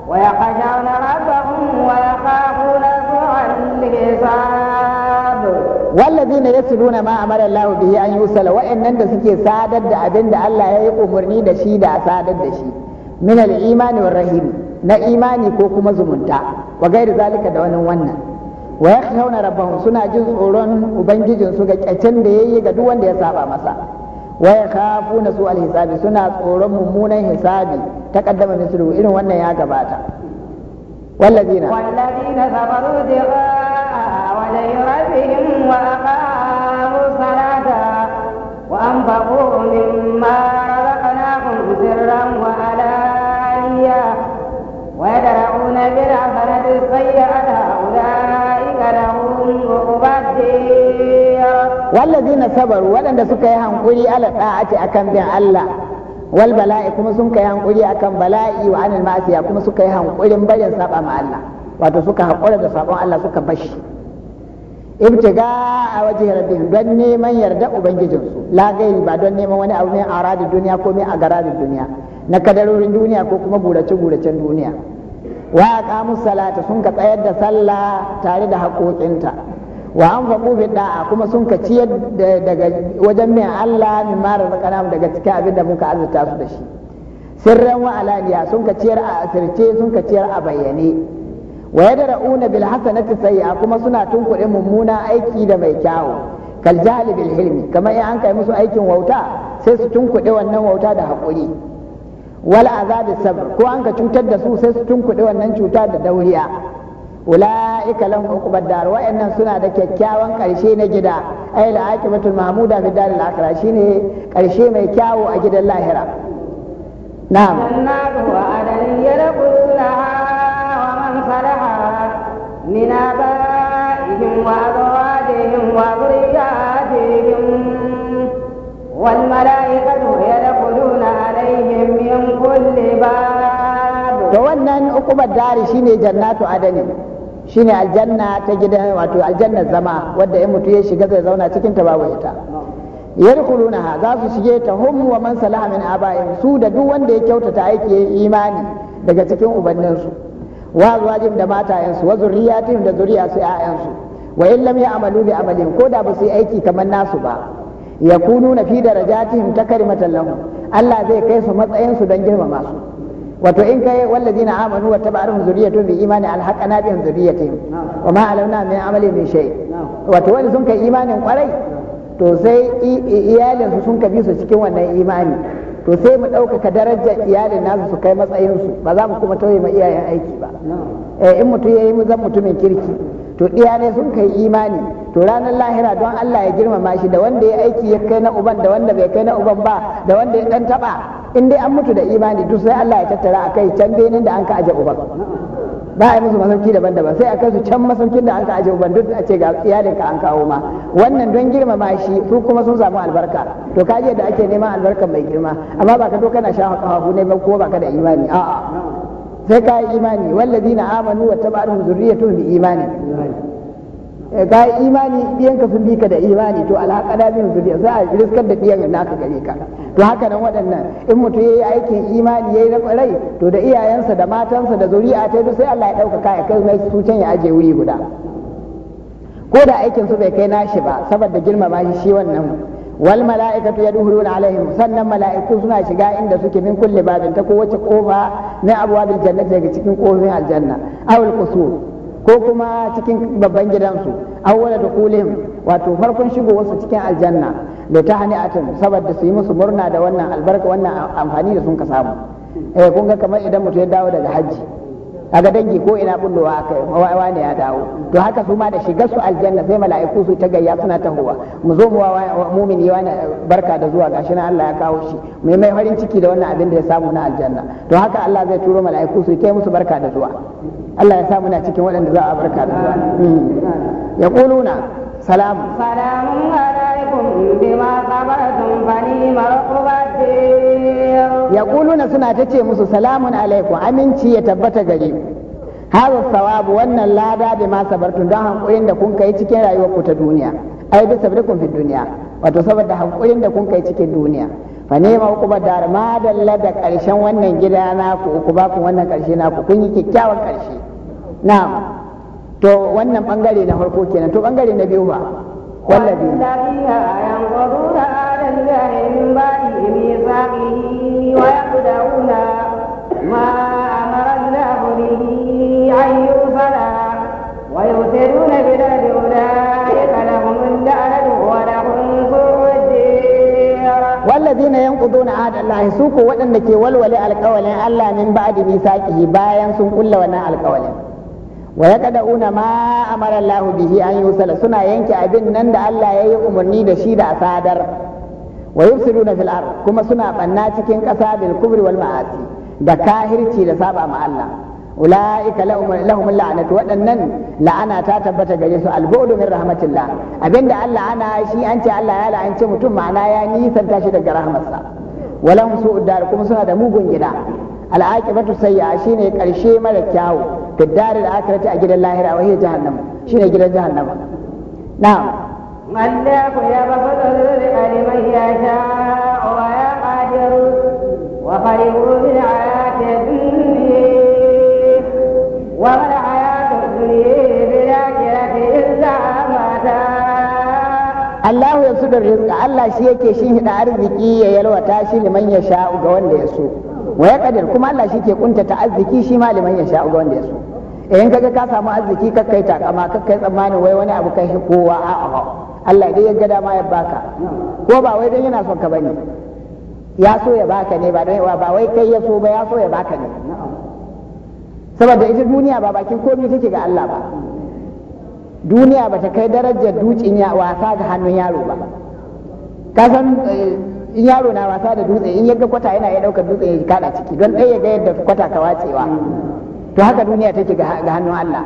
S2: ويخشون ربهم ويخافون سوء الحساب
S1: والذين يصلون ما أمر الله به أن يوصل وإن أنت سكي سادد أبند ألا يقوم أمرني دشيد أسادد دشيد من الإيمان والرهيم na imani ko kuma zumunta wa gairu zalika wa na rabbahum suna jin tsoron ubangijin su ga kyacen da yayi ga duk wanda ya saba masa wa na su alhisabi suna tsoron mummunan hisabi taqaddama mislu irin wannan ya gabata walladina
S2: walladina sabaru diqa wa layrafihim wa aqamu salata wa anfaqu mimma raqnahum sirran wa alaniya wa yadra'una bil'afarati sayyi'ata لهم عقبى
S1: والذين suka yi hankuri ala da'ati akan bin Allah wal bala'i kuma sun kai hankuri akan bala'i wa anil ma'asiya kuma suka yi hankurin bayan saba ma Allah wato suka hakura da sabon Allah suka bashi ibtiga a waje rabbihim don neman yarda ubangijinsu la gairi ba don neman wani abu mai aradin duniya ko mai agaradin duniya na kadarorin duniya ko kuma burace-buracen duniya wa musu salata sun ka tsayar da sallah tare da haƙoƙinta wa anfaqu bi da'a kuma sun ka ciyar daga wajen mai Allah min mara razaqana daga cikin abin da muka azurta su da shi sirran wa alaniya sun ka ciyar a asirce sun ka ciyar a bayyane wa una bil hasanati a kuma suna tunkuɗe mummuna aiki da mai kyawu kal jahli hilmi kamar in an kai musu aikin wauta sai su tunkuɗe wannan wauta da haƙuri wal azabi sabr ko an ka cutar da su sai su tunkuɗe wannan cuta da dauriya ula'ika lahum uqbad dar wa'annan suna da kyakkyawan karshe na gida ay la'aqibatul mahmuda fi daril akhirah shine karshe mai kyawo a gidan lahira na'am
S2: annabu wa adan yarquna wa man salaha min abaihim wa azwajihim wa dhurriyyatihim wal malaikatu to wannan
S1: ukubar dari shine jannatu adani shine aljanna ta gidan wato aljannar zama wanda in mutu ya shiga zai zauna cikin ta babu ita ha, za su shige ta hum wa man salaha min aba'in su da duk wanda ya kyautata aiki imani daga cikin ubanninsu wa zuwajin da matayensu wa zurriyatin da zuriya su 'ya'yansu wa illam ya amalu bi amalin ko da ba su yi aiki kamar nasu ba na fi ta takrimatan lahum Allah zai kai su matsayinsu don girmama su wato in kai wallazina amanu wa tabarahum zurriyatun bi imani alhaqana bihim zurriyatihim wa ma alamna min amali min shay wato wani sun kai imanin kwarai to sai iyalin su sun kabi su cikin wannan imani to sai mu ɗaukaka darajar iyalin nasu su kai matsayin su ba za mu kuma tauye ma iyayen aiki ba eh, in mutum ya yi mu zan mutumin kirki to ɗiya ne sun kai imani to ranar lahira don Allah ya girmama shi da wanda ya aiki ya kai na uban da wanda bai kai na uban ba da wanda ya dan taba in dai an mutu da imani duk sai Allah ya tattara a kai can bene da an ka aje uban ba a yi musu masauki daban-daban sai a kai su can masaukin da an ka aje uban duk a ce ga iyalinka an kawo ma wannan don girmama shi su kuma sun samu albarka to ka da ake neman albarka mai girma amma ba ka to kana sha hawa ne ba ko ba ka da imani a'a sai ka yi imani wallazina amanu wa tabi'atuhum ya bi imani eh, ka yi imani ka sun bi da imani to da bin zuriya za a riskar da diyan naka gare ka to haka nan waɗannan in mutum yayi aikin imani yayi na kwarai to da iyayensa da matansa da zuri'a ta duk sai Allah ya dauka ya kai mai su can ya ajiye wuri guda ko da aikin su bai kai nashi ba saboda girmama shi wannan wal mala'ikatu yadkhuluna alaihim sannan mala'iku suna shiga inda suke min kulli babin ta kowace kofa na abwabil jannati daga cikin kofin aljanna aw al ko kuma cikin babban gidansu awwala dukulihim wato farkon shigo cikin aljanna da ta hani atin saboda su yi musu murna da wannan albarka wannan amfani da sun ka samu eh kun ga kamar idan mutum ya dawo daga hajji A ga dangi ko ina bullowa aka wawa ne ya dawo to haka su ma da shigar su aljanna sai mala'iku su ta gayya suna tahowa mu zo mu wa mumini wani barka da zuwa gashi na Allah ya kawo shi mai mai farin ciki da wannan abin da ya samu na aljanna to haka Allah zai turo mala'iku su ta musu barka da zuwa Allah ya samu muna cikin waɗanda za a barka da zuwa hmm. ya kuluna salam
S2: salamun alaikum bima sabartum fani ni
S1: yaquluna suna ta ce musu salamun alaikum aminci ya tabbata gare ku hadha thawabu wannan lada bi ma sabartun don hankulin da kun kai cikin rayuwarku ta duniya ai bi sabrikum fi duniya wato saboda hankulin da kun kai cikin duniya fa ne ma ku ma da karshen wannan gida na ku ku ba ku wannan karshe na ku kun yi kyakkyawan karshe na'am to wannan bangare na farko kenan to bangare na biyu ba wallahi la ilaha illallah da ke walwale alƙawalin Allah min ba'di misaqihi bayan sun kulla wannan alƙawalin wa yaqaduna ma amara Allah bihi an yusala suna yanke abin nan da Allah ya yi umarni da shi da sadar. wa yufsiduna fil ard kuma suna banna cikin ƙasa bil kubri wal ma'asi da kahirci da saba ma Allah ula'ika lahum la'anat waɗannan la'ana ta tabbata gare su albu'du min rahmatillah abinda Allah ana shi an ce Allah ya la'anci mutum ma'ana ya nisanta shi daga rahmatsa walahum su'ud dar kuma suna da mugun gida al'aqibatu sayya shine karshe mara kyawu fi dar al-akhirati a gidan lahira wa hiya jahannam shine gidan jahannam na'am
S2: الله يبسط الرزق لمن يشاء ويقدر وفرحوا بالحياة الدنيا
S1: Allah ya da rizqa Allah shi yake shi hida arziki ya yalwata shi liman ya sha'u ga wanda ya so wa ya kadir kuma Allah shi ke kunta ta arziki shi ma liman ya sha'u ga wanda ya so eh, idan kaga ka samu arziki ka kai takama ka kai tsammanin wai wani abu kai kowa a'a Allah dai ya gada ma ya baka ko ba wai dan yana son ka bane ya so ya baka ne ba don ba wai kai ya so ba ya so ya baka ne saboda ita duniya ba bakin komai take ga Allah ba duniya ba ta kai darajar dutsen ya wasa ga hannun yaro ba kasan eh, in yaro na wasa da dutse in yaga kwata yana ya daukar dutse ya kada ciki don ɗaya ga yadda kwata ka wacewa to haka duniya take ga hannun Allah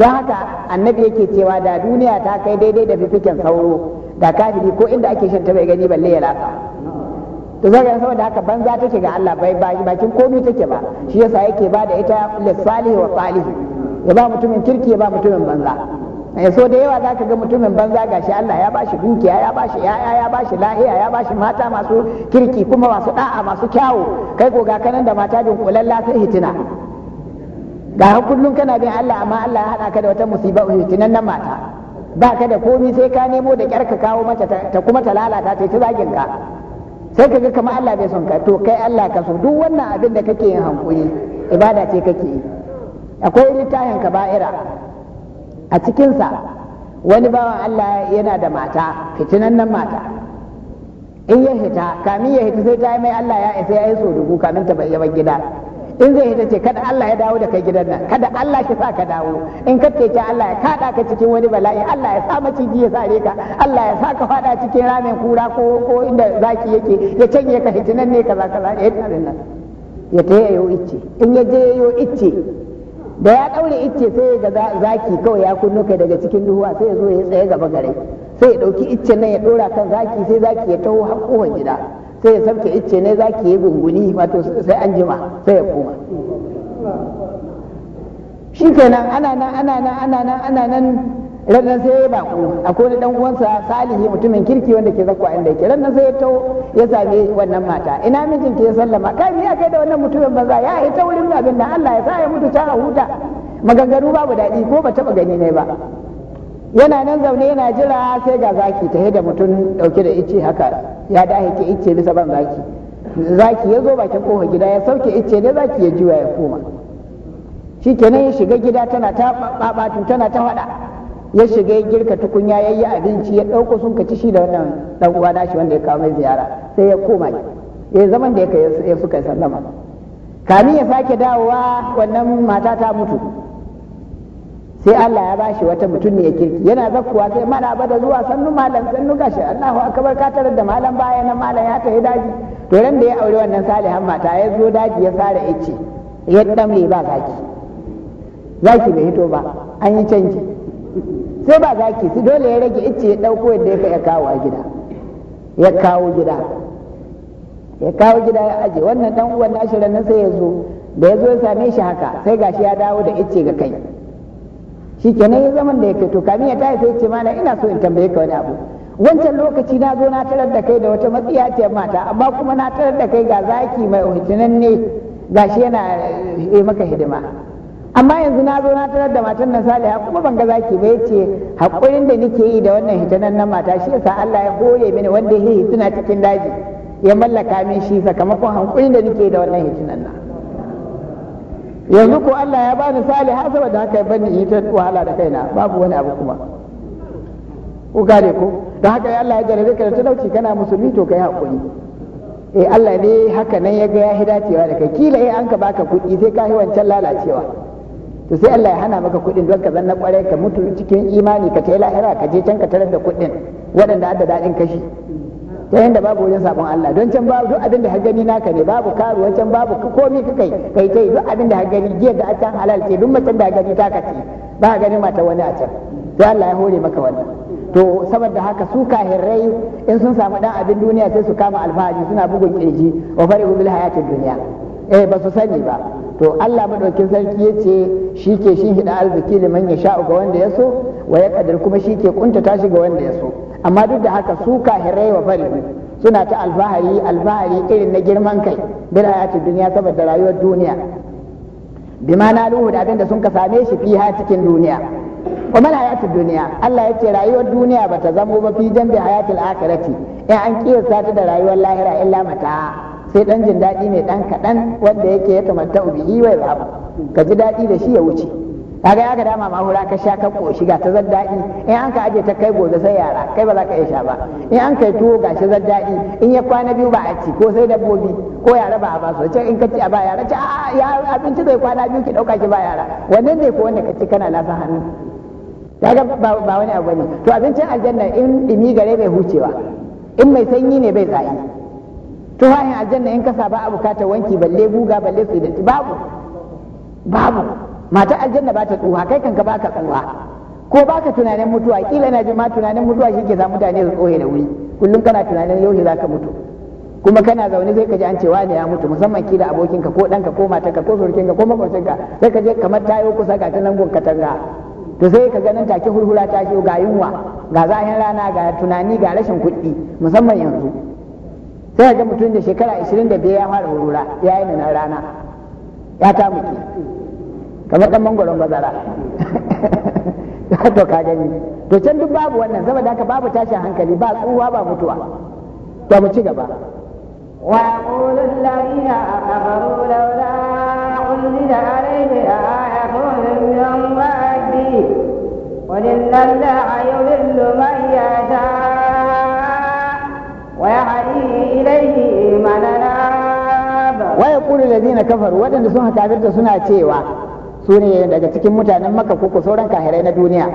S1: don haka annabi yake cewa da duniya ta kai daidai da fifikin sauro da kafiri ko inda ake shan ta bai gani balle ya lafa to zaka saboda haka banza take ga Allah bai bakin komai take ba shi yasa yake ba da ita lissalihi wa salihi ya ba mutumin kirki ya ba mutumin banza Eh, so da yawa zaka ga mutumin banza gashi Allah ya bashi dukiya ya bashi yaya ya bashi lahiya ya bashi mata masu kirki kuma masu da'a masu kyawu kai goga ga kanan da mata bin kulalla sai hitina ga kullum kana bin Allah amma Allah ya hada ka da wata musiba hitinan nan mata ba ka da komi sai ka nemo da kyar ka kawo mata ta kuma ta lalata ta ta zagin ka sai ka ga kamar Allah bai son ka to kai Allah ka so duk wannan abin da kake yin hankuri ibada ce kake yi akwai littafin ka kaba'ira a cikinsa wani bawan Allah yana da mata nan mata in ya hita kamin ya hita sai ta yi mai Allah ya isa ya yi so dubu kamin ta bai bayyana gida in zai hita ce kada Allah ya dawo da kai gidan nan kada Allah ki sa ka dawo in ka ce Allah ya kada ka cikin wani bala'i Allah ya sa maciji ya sare ka Allah ya sa ka fada cikin ramin kura ko ko inda zaki yake ya canye ka hitinan ne kaza kaza ya tarin ya ta yayo icce in ya je yayo icce da ya ɗaure icce sai ga zaki kawai ya kunno kai daga cikin duhuwa sai ya zo ya tsaye gaba gare sai ya ɗauki icce nan ya ɗora kan zaki sai zaki ya taho har gida sai ya sabke icce ne zaki ya gunguni wato sai an jima sai ya koma shi kenan ana nan ana nan ana nan ranar sai ya bako akwai wani dan uwansa salihi mutumin kirki wanda ke zakwa inda yake ranar sai ya ya same wannan mata ina mijin ke sallama kai ni kai da wannan mutumin banza ya yi wurin abin da Allah ya sa ya mutu ta huta maganganu babu daɗi ko ba taɓa gani ne ba yana nan zaune yana jira sai ga zaki ta da mutum ɗauke da ice haka ya da ke ice bisa ban zaki zaki ya zo bakin kofa gida ya sauke ice ne zaki ya juya ya koma shikenan ya shiga gida tana ta babatu tana ta faɗa ya shiga ya girka tukunya ya yi abinci ya ɗauko sun kaci shi da wannan ɗan uwa nashi wanda ya kawo mai ziyara sai ya koma ya zaman da ya suka sallama kamin ya sake dawowa wannan mata ta mutu sai Allah ya bashi wata mutum ne ya kirki yana zakkuwa sai mana ba da zuwa sannu malam sannu gashi Allahu akbar ka tarar da malam baya nan malam ya tafi daji to ran da ya aure wannan salihan mata ya zo daji ya sare ice ya damle ba zaki zaki bai hito ba an yi canji sai ba zaki su dole ya rage icce ya ɗauko yadda ya ya kawo gida ya kawo gida ya kawo gida ya aje wannan dan uwan na ashirin nan sai ya zo da ya zo ya same shi haka sai gashi ya dawo da icce ga kai shi kenan ya zaman da ya kai to kamin ya sai ce mana ina so in tambaye ka wani abu wancan lokaci na zo na tarar da kai da wata matsiya ce mata amma kuma na tarar da kai ga zaki mai ne gashi yana eh, maka hidima amma yanzu na zo na tarar da matan na saliha kuma ban ga zaki ba ya ce haƙurin da nake yi da wannan hitanan na mata shi yasa Allah ya goye mini wanda yi suna cikin daji ya mallaka min shi sakamakon haƙurin da nake da wannan hitanan na yanzu ko Allah ya bani saliha saboda haka ya bani hitan wahala da kaina babu wani abu kuma ku gare ko don haka ya Allah ya jarabe ka da talauci kana musulmi to kai haƙuri? eh Allah ne haka nan ya ga ya hidacewa da kai kila eh an ka baka kuɗi sai ka yi wancan lalacewa to sai Allah ya hana maka kuɗin don ka zanna kwarai ka mutu cikin imani ka tai lahira ka je can ka tarar da kuɗin waɗanda adda daɗin kashi ta yanda babu wurin sabon Allah don can babu duk abin da har gani naka ne babu karuwa can babu komai ka kai kai tai duk abin da har gani da can halal ce duk macen da gani taka ce ba gani mata wani a can sai Allah ya hore maka wani. to saboda haka su kahirai in sun samu dan abin duniya sai su kama alfahari suna bugun kirji wa farihu bil hayatid dunya eh ba su sani ba to Allah madaukin sarki ya ce shi ke shi hida arziki liman ya sha'u ga wanda ya so wa ya kadir kuma shi ke kuntata shi ga wanda ya so amma duk da haka su kahirai wa fari suna ta alfahari alfahari irin na girman kai ya hayatid duniya saboda rayuwar duniya bima na luhu da abinda sun ka same shi fiha cikin duniya kuma hayatid duniya Allah ya ce rayuwar duniya bata zamo ba fi jambi hayatil akhirati in an kiyasa ta da rayuwar lahira illa mata sai dan jin daɗi ne dan kaɗan wanda yake ya tamanta ubihi wai ba ka ji daɗi da shi ya wuce kaga ya ga dama ma hura ka sha ka koshi ga ta zan dadi in an ka aje ta kai gobe sai yara kai ba za ka iya sha ba in an kai tuwo ga shi zan dadi in ya kwana biyu ba a ci ko sai dabbobi ko yara ba a ba su in ka ci a ba yara ce a ya abinci zai kwana biyu ki ɗauka ki ba yara wannan ne ko wanda ka ci kana nasa hannu kaga ba wani abu ne to abincin aljanna in dumi gare bai hucewa in mai sanyi ne bai tsayi tufahin aljanna in kasa ba a bukatar wanki balle guga balle su da babu babu mata aljanna ba ta tsuha kai kanka baka tsuha ko baka tunanin mutuwa kila na jima tunanin mutuwa shi ke sa mutane su tsohe da wuri kullum kana tunanin yau za ka mutu kuma kana zaune sai ka ji an cewa ne ya mutu musamman kila abokinka ko ɗanka ko matarka ko surkinka ko ka, sai ka je kamar tayo kusa ga ta nan katanga to sai ka ganin take hulhula ta ga yunwa ga zahin rana ga tunani ga rashin kuɗi musamman yanzu sai ga mutum da shekara 25 ya fara wurura, ya yi nan rana ya ta mutu kamar dan mangoron bazara to ka gani to can duk babu wannan saboda haka babu tashin hankali ba tsuwa ba mutuwa to mu ci gaba wa
S2: الذين كفروا لولا أنزل عليه آية من ربه قل إن الله يضل من يشاء
S1: na kafar waɗanda sun kafirta suna cewa su ne daga cikin mutanen makka ko sauran kahirai na duniya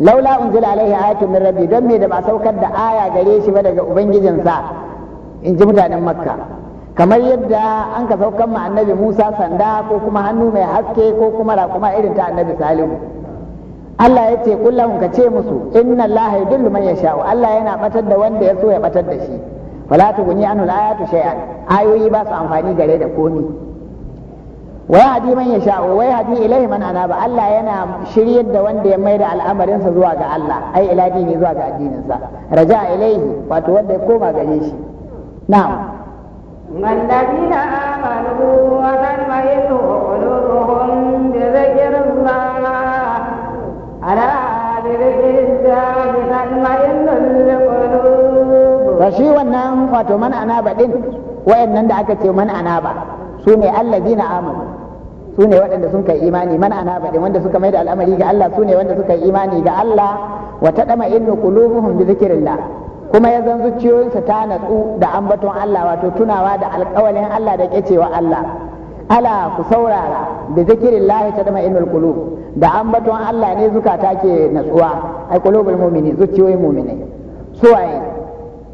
S1: laula unzila alaihi ayatun min rabbi don me da ba saukar da aya gare shi ba daga ubangijinsa in ji mutanen makka kamar yadda an ka saukar ma annabi musa sanda ko kuma hannu mai haske ko kuma raƙuma irin ta annabi salihu Allah ya ce kullum ka ce musu inna Allah dullu man yasha Allah yana batar da wanda ya so ya batar da shi wala tuguni anhu al-ayatu shay'an ayoyi ba su amfani gare da komi wa yahdi man yasha wa yahdi ilayhi man anaba Allah yana shiryar da wanda ya maida al'amarinsa zuwa ga Allah ai ila dini zuwa ga addininsa raja ilayhi wato wanda ya koma shi
S2: آمنوا وتطمئن قلوبهم بذكر الله ألا بذكر الله تطمئن القلوب
S1: فشي wannan wato man anaba din wayannan da aka ce manana ba, su ne allazina amanu su ne waɗanda sun kai imani man ana baɗin wanda suka mai da al'amari ga Allah su ne wanda suka yi imani ga Allah wa taɗama innu qulubuhum bi zikrillah kuma ya zan zuciyoyinsu ta natsu da ambaton Allah wato tunawa da alƙawalin Allah da kecewa Allah ala ku saurara bi zikrillah taɗama innul qulub da ambaton Allah ne zukata ke natsuwa ai qulubul mu'mini zuciyoyin mu'mini suwaye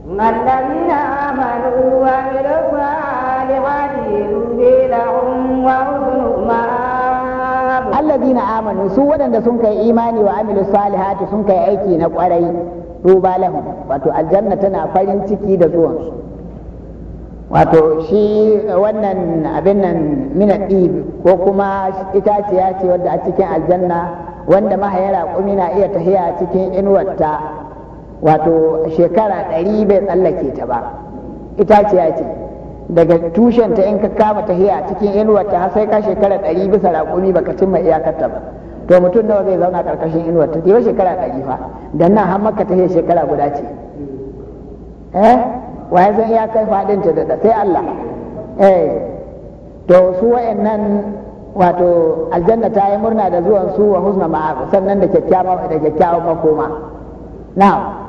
S2: الذين آمنوا وعملوا الصالحات يهدي لهم وهم
S1: wallazina amanu su wadanda sun kai imani wa amilu salihati sun kai aiki na kwarai duba lahum wato aljanna tana farin ciki da zuwan su wato shi wannan abin nan mina ko kuma itaciya ce wadda a cikin aljanna wanda mahayara kumi na iya tahiya a cikin inuwarta wato shekara ɗari bai tsallake ta ba itaciya ce daga tushen ta in ka kama ta hiya cikin inuwar ta har sai ka shekara ɗari bisa raƙumi baka cimma iyakar ta ba to mutum nawa zai zauna karkashin inuwar ta ba shekara ɗari fa dan nan har maka hiya shekara guda ce eh waye zan iya kai fadin ta da sai Allah eh to su wayannan wato aljanna ta yi murna da zuwan su wa husna ma'a sannan da kyakkyawa da kyakkyawa makoma na'am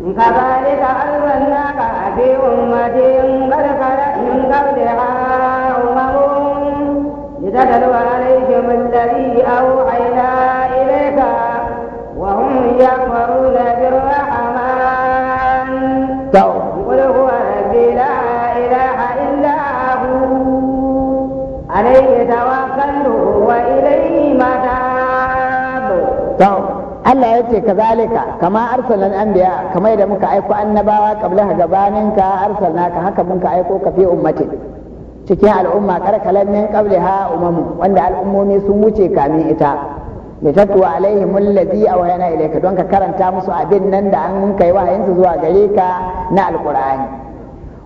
S2: ka ba ne ka alwan na ka a fi umarci yin barfara yin a umarun ji ta dalwa ne ke mallari a wuhai na ireka wa hun yi akwaru na birwa a man.
S1: ce kazalika kama arsalan anbiya kamar da muka aiko annabawa qabla gabaninka ka haka muka aiko ka fi ummati cikin al'umma karkalan min ha umamu wanda al'ummomi sun wuce kamin ita bi tatwa alaihim a awhayna ilayka don ka karanta musu abin nan da an kai wahayinsu zuwa gare ka na alqur'ani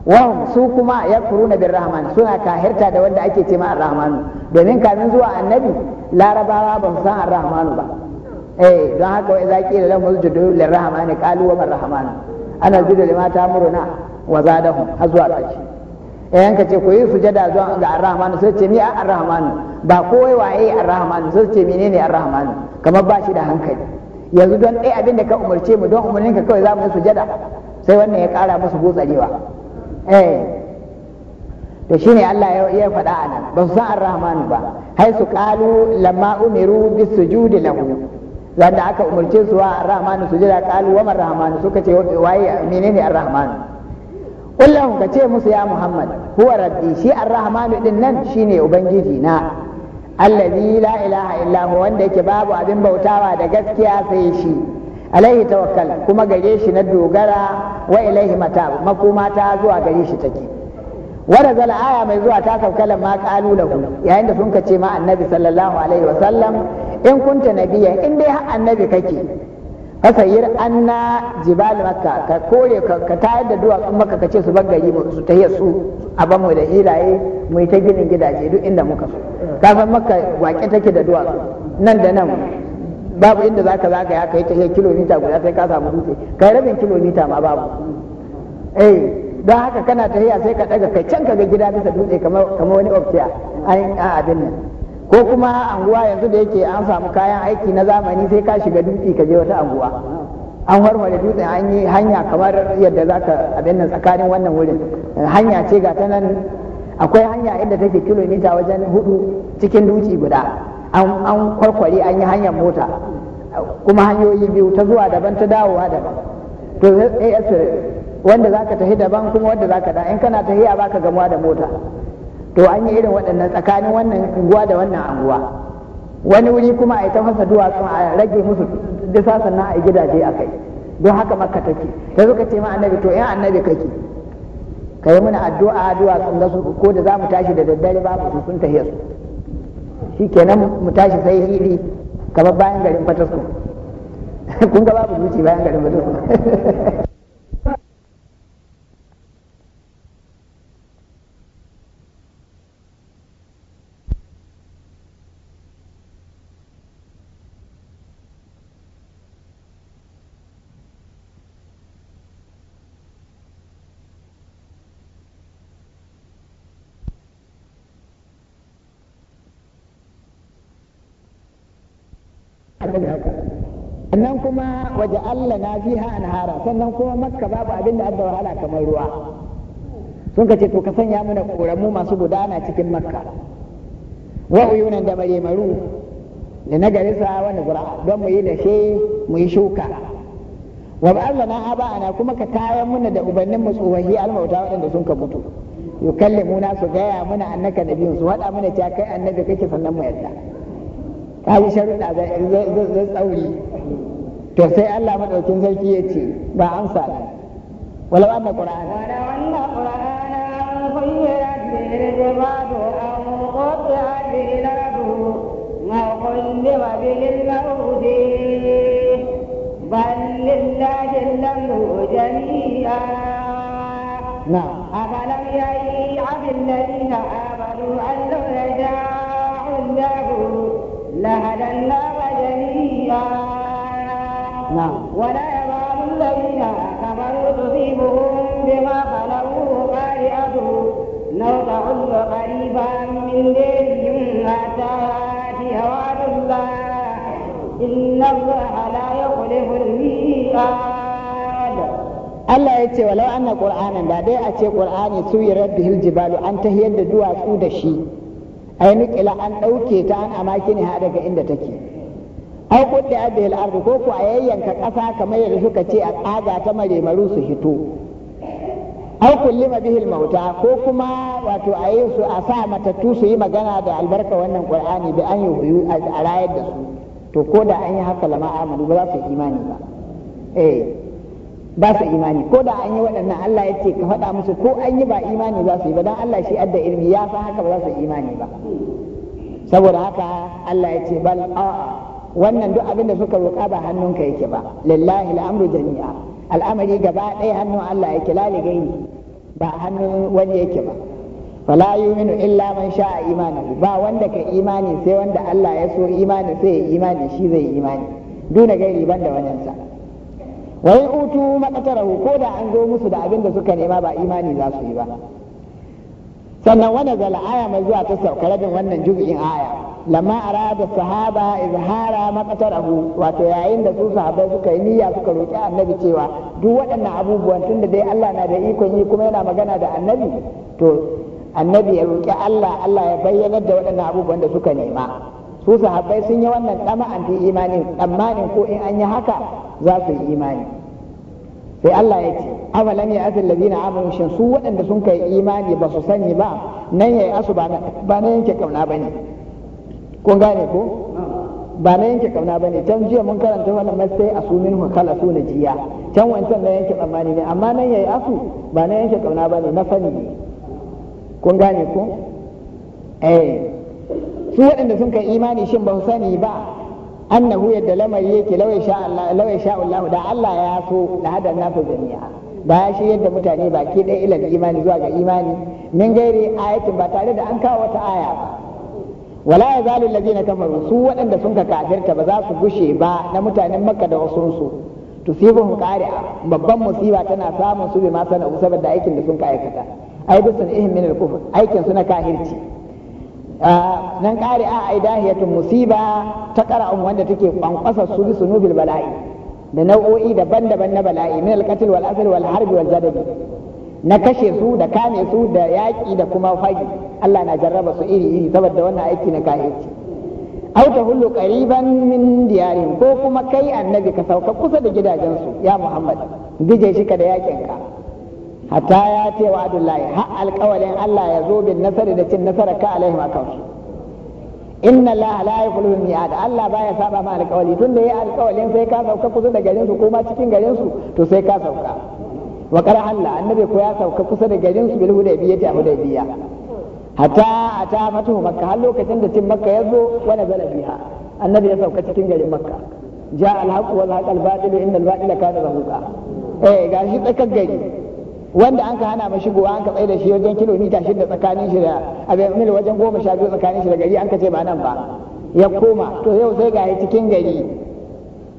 S1: wahum su kuma ya kuruna bin rahman suna kahirta da wanda ake ce ma ar domin kamin zuwa annabi larabawa ba su san arrahmanu ba eh don haka wa idza su jidu lirrahama ne kalu wa marrahman ana zuda lima na wa hun har zuwa ƙarshe eh ka ce ku yi sujada zuwa ga arrahman sai ce ni arrahman ba kowai waye arrahman sai ce menene arrahman kamar ba shi da hankali yanzu don ɗaya abin da ka umarce mu don umarninka kawai za mu yi jada, sai wannan ya ƙara musu gutsarewa eh to shine Allah ya faɗa a nan ba su san ar ba hai su ƙalu lamma umiru bisu judi lahu wanda aka umarce su wa rahmanu su jira kalu wa rahmanu suka ce waye menene ar-rahman qul ka ce musu ya muhammad huwa rabbi shi ar-rahman din nan shine ubangiji na allazi la ilaha illa huwa wanda yake babu abin bautawa da gaskiya sai shi alaihi tawakkal kuma gare shi na dogara wa ilaihi mata makoma ta zuwa gare shi take wanda zala aya mai zuwa ta sauka lamma qalu lahu yayin da sun ce ma annabi sallallahu alaihi wa sallam in kunta nabiya in dai har annabi kake fasayir anna jibal makka ka kore ka tayar da duwatsun makka ka ce su bar gari su tahiyar su a mu da hilaye mu yi ta ginin gidaje duk inda muka so ka san makka waƙe take da duwatsu nan da nan babu inda zaka zaka ya kai tahiyar kilomita guda sai ka samu dutse kai rabin kilomita ma babu eh don haka kana tahiya sai ka daga kai can ka ga gida bisa dutse kamar wani ofciya an abin nan ko kuma anguwa yanzu da yake an samu kayan aiki na zamani sai ka shiga dutse ka je wata anguwa an warware dutsen an yi hanya kamar yadda za ka abin nan tsakanin wannan wurin hanya ce ga ta nan akwai hanya inda take kilomita wajen hudu cikin dutse guda an kwarkware an yi hanyar mota kuma hanyoyi biyu ta zuwa daban ta dawowa daban to wanda za ka tafi daban kuma wanda za ka da in kana tafiya ba ka gamuwa da mota to an yi irin waɗannan tsakanin wannan unguwa da wannan unguwa. wani wuri kuma a yi ta fasa duwatsun a rage musu disa sannan a yi gidaje a kai don haka makka take ta ka ce ma annabi to in annabi kake ka yi mana addu'a duwatsu, da su ko da za mu tashi da daddare babu su sun tafiya su shi kenan mu tashi sai hiri kamar bayan garin fatasku kun ga babu zuci bayan garin fatasku kuma waje Allah na fiha anhara sannan kuma makka babu abin da adda wahala kamar ruwa sun ka ce to ka sanya mana ƙoramu masu gudana cikin makka wa uyunan da bare maru da na garisa wani zura don mu yi dashe mu yi shuka wa ba'alla na aba ana kuma ka tayar mana da ubannin mu tsohahi almauta waɗanda sun ka mutu yukallimuna su gaya mana annaka biyun su waɗa mana cewa kai annabi kake sannan mu yadda ka yi sharuɗa zai tsauri to sai Allah madaukin sarki ya ce ba an sa ba wala amsa ne walau
S2: anna qur'ana walau anna qur'ana khayyarat lirjibadu aw qati'at liradu ma qullima bil mawdi bal lillahi lamu amru jami'a na'am afalam ya'i'ab alladhina amanu an law yada'u lahadanna wa jamia ولا يبال الذين كفروا تصيبهم بما قارئة لو تعد قريبا من دينهم حتى يأتي وعد الله إن الله لا يخلف الميعاد
S1: Allah ya ce walau anna qur'anan da dai a ce qur'ani su yi rabbihil jibalu an hiyar da duwatsu da shi ai nuƙila an ɗauke ta an amakini ha daga inda take ko da abihil ardu ko ku ayyanka kasa kamar yadda suka ce a tsaga ta maremaru su hito au kullima bihil mauta ko kuma wato a su a sa matattu su yi magana da albarka wannan qur'ani da an yi a rayar da su to ko da an yi haka lama amanu ba za su imani ba eh ba su imani ko da an yi waɗannan Allah ya ce ka faɗa musu ko an yi ba imani za su yi ba dan Allah shi adda ilmi ya san haka ba za su imani ba saboda haka Allah ya ce bal a'a wannan duk abin da suka roƙa ba hannunka yake ba lillahi al'amru jami'a al'amari gaba ɗaya hannun Allah yake laligai ba hannun wani yake ba fala yuminu illa man sha'a imanahu ba wanda ka imani sai wanda Allah ya so imani sai ya imani shi zai imani duna gairi ban da waninsa wai utu makatarahu ko da an zo musu da abin da suka nema ba imani za su yi ba sannan wani zala aya mai zuwa ta sauka rabin wannan jubi'in aya lamma da sahaba izhara abu wato yayin da su sahabai suka yi niyya suka roƙi annabi cewa duk waɗannan abubuwan tun da dai Allah na da ikon yi kuma yana magana da annabi to annabi ya roƙi Allah Allah ya bayyanar da waɗannan abubuwan da suka nema su sahabai sun yi wannan tsama'an fi imani tsammanin ko in an yi haka za su yi imani sai Allah ya ce afalan ya asal ladina amanu shin su waɗanda sun kai imani ba su sani ba nan yayi asu ba ba na yanke kauna bane kun gane ko ba na yanke kauna bane can jiya mun karanta wannan mai sai asu min khalasu na jiya can wancan na yanke tsammani ne amma nan yayi asu ba na yanke kauna bane na sani ne kun gane ko eh su waɗanda sun kai imani shin ba su sani ba annahu yadda lamari yake lawa sha Allah Allah da Allah ya so da hada nafi jami'a ba ya shi yadda mutane ke ɗaya ilal imani zuwa ga imani min gairi ayatin ba tare da an kawo wata aya ba wala ya zalu allazina kafaru su waɗanda sun ka kafirta ba za su gushe ba na mutanen makka da wasu su tusibuhum a, babban musiba tana samun su masana'u ma sana'u saboda aikin da sun ka aikata ai bisun ihmin al-kufr aikin suna kahirci Ah, nan ƙari a aidahiyatun musiba ta ƙara'un wanda take kwankwasa su bi sunubil bala'i da nau'o'i daban-daban na bala'i min alqatl wal asl wal harb wal na kashe su da kame su da yaƙi da kuma fagi Allah na jarraba su iri iri saboda wannan aiki na kahirci aw ta hullu qariban min diyarin ko kuma kai annabi ka sauka kusa da gidajensu ya Muhammad gije shi ka da yakin ka hatta ya ce wa adullahi har alƙawalin Allah ya zo bin nasari da cin nasara ka alaihim a su inna Allah la yukhlifu mi'ad Allah baya saba ma alƙawali tunda yayi alƙawalin sai ka sauka kusa da garin su ko ma cikin garin su to sai ka sauka wa qara Allah annabi ko ya sauka kusa da garin su bil hudaybiya ta hudaybiya hatta ata fatuhu makka har lokacin da cin makka ya zo wa nazala biha annabi ya sauka cikin garin makka ja al-haqq wal al-batil inna al-batila kana zahuqa eh gashi tsakar gari wanda an ka hana mashi shigowa an ka tsaye da shi wajen kilomita shida tsakanin shi da abin mil wajen goma sha biyu tsakanin shi da gari an ka ce ba nan ba ya koma to yau sai ga cikin gari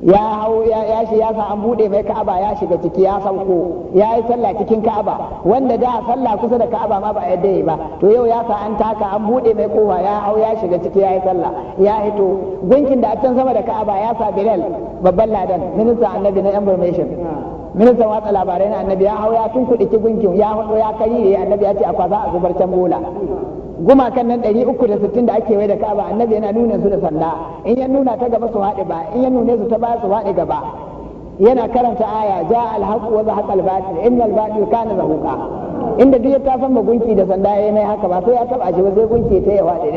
S1: ya hau ya shi ya sa an bude mai ka'aba ya shiga ciki ya sauko ya yi sallah cikin ka'aba wanda da sallah kusa da ka'aba ma ba a yadda ba to yau ya sa an taka an bude mai kofa ya hau ya shiga ciki ya yi sallah ya hito gunkin da a can sama da ka'aba ya sa bilal babban ladan Minista annabi na information ministan watsa labarai na annabi ya hau ya tun kuɗi gunkin ya hudu ya kari ne annabi ya ce akwai za a zubar can bola kan nan ɗari uku da sittin da ake wai da ka'aba annabi yana nuna su da sanda in ya nuna ta gaba su haɗe ba in ya nune su ta baya su haɗe gaba yana karanta aya ja alhaqu wa zahaqa albatil innal batil kana zahuqa inda duk ya tafan ma gunki da sanda yayi mai haka ba sai ya taba shi ba sai gunki ta ya waɗe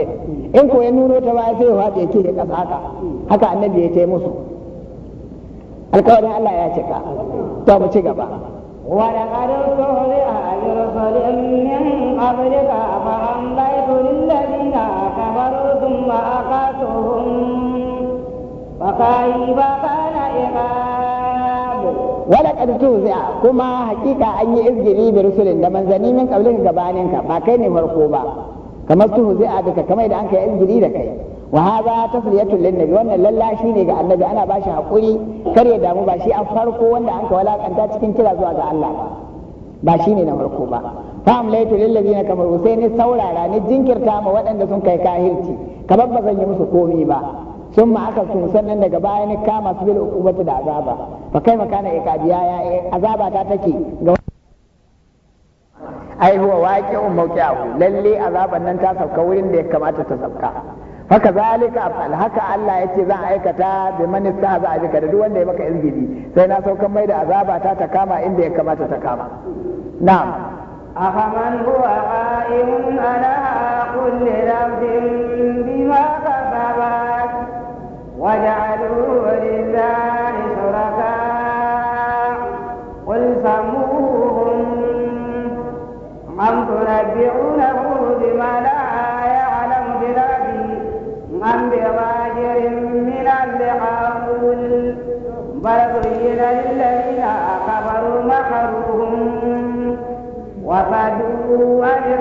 S1: in ko ya nuno ta baya sai ya waɗe ke da ƙasa haka haka annabi ya ce musu alkawarin Allah ya cika to mu ci gaba
S2: wa da qadar sawri a ajr sawri min qabrika
S1: kuma hakika an yi izgiri da rusulin da manzani min qablin gabanin ka ba kai ne farko ba kamar tuhu daga kamar da an kai izgiri da kai wa hadha tasliyatun lin nabi wannan lallashi ne ga annabi ana bashi hakuri kar ya damu ba shi a farko wanda an ka walakanta cikin kira zuwa ga Allah ba ba shine na farko ba fa amlaytu lil ladina kamar usaini saurara ni jinkirta ma waɗanda sun kai kahirci kamar ba zan yi musu komi ba sun ma aka sun nan daga bayan ka kama su bil da azaba fa kai makana ikadiya ya azaba ta take ga ai huwa waqi'un mawqi'ahu lalle azaban nan ta sauka wurin da ya kamata ta sauka haka zalika afal haka Allah yace za a aikata bi man a bika da duk wanda ya maka izgidi sai na saukan mai da azaba ta ta kama inda ya kamata ta kama na'am afaman
S2: huwa qa'imun ala kulli بل للذين كفروا مكرهم وصدوا عن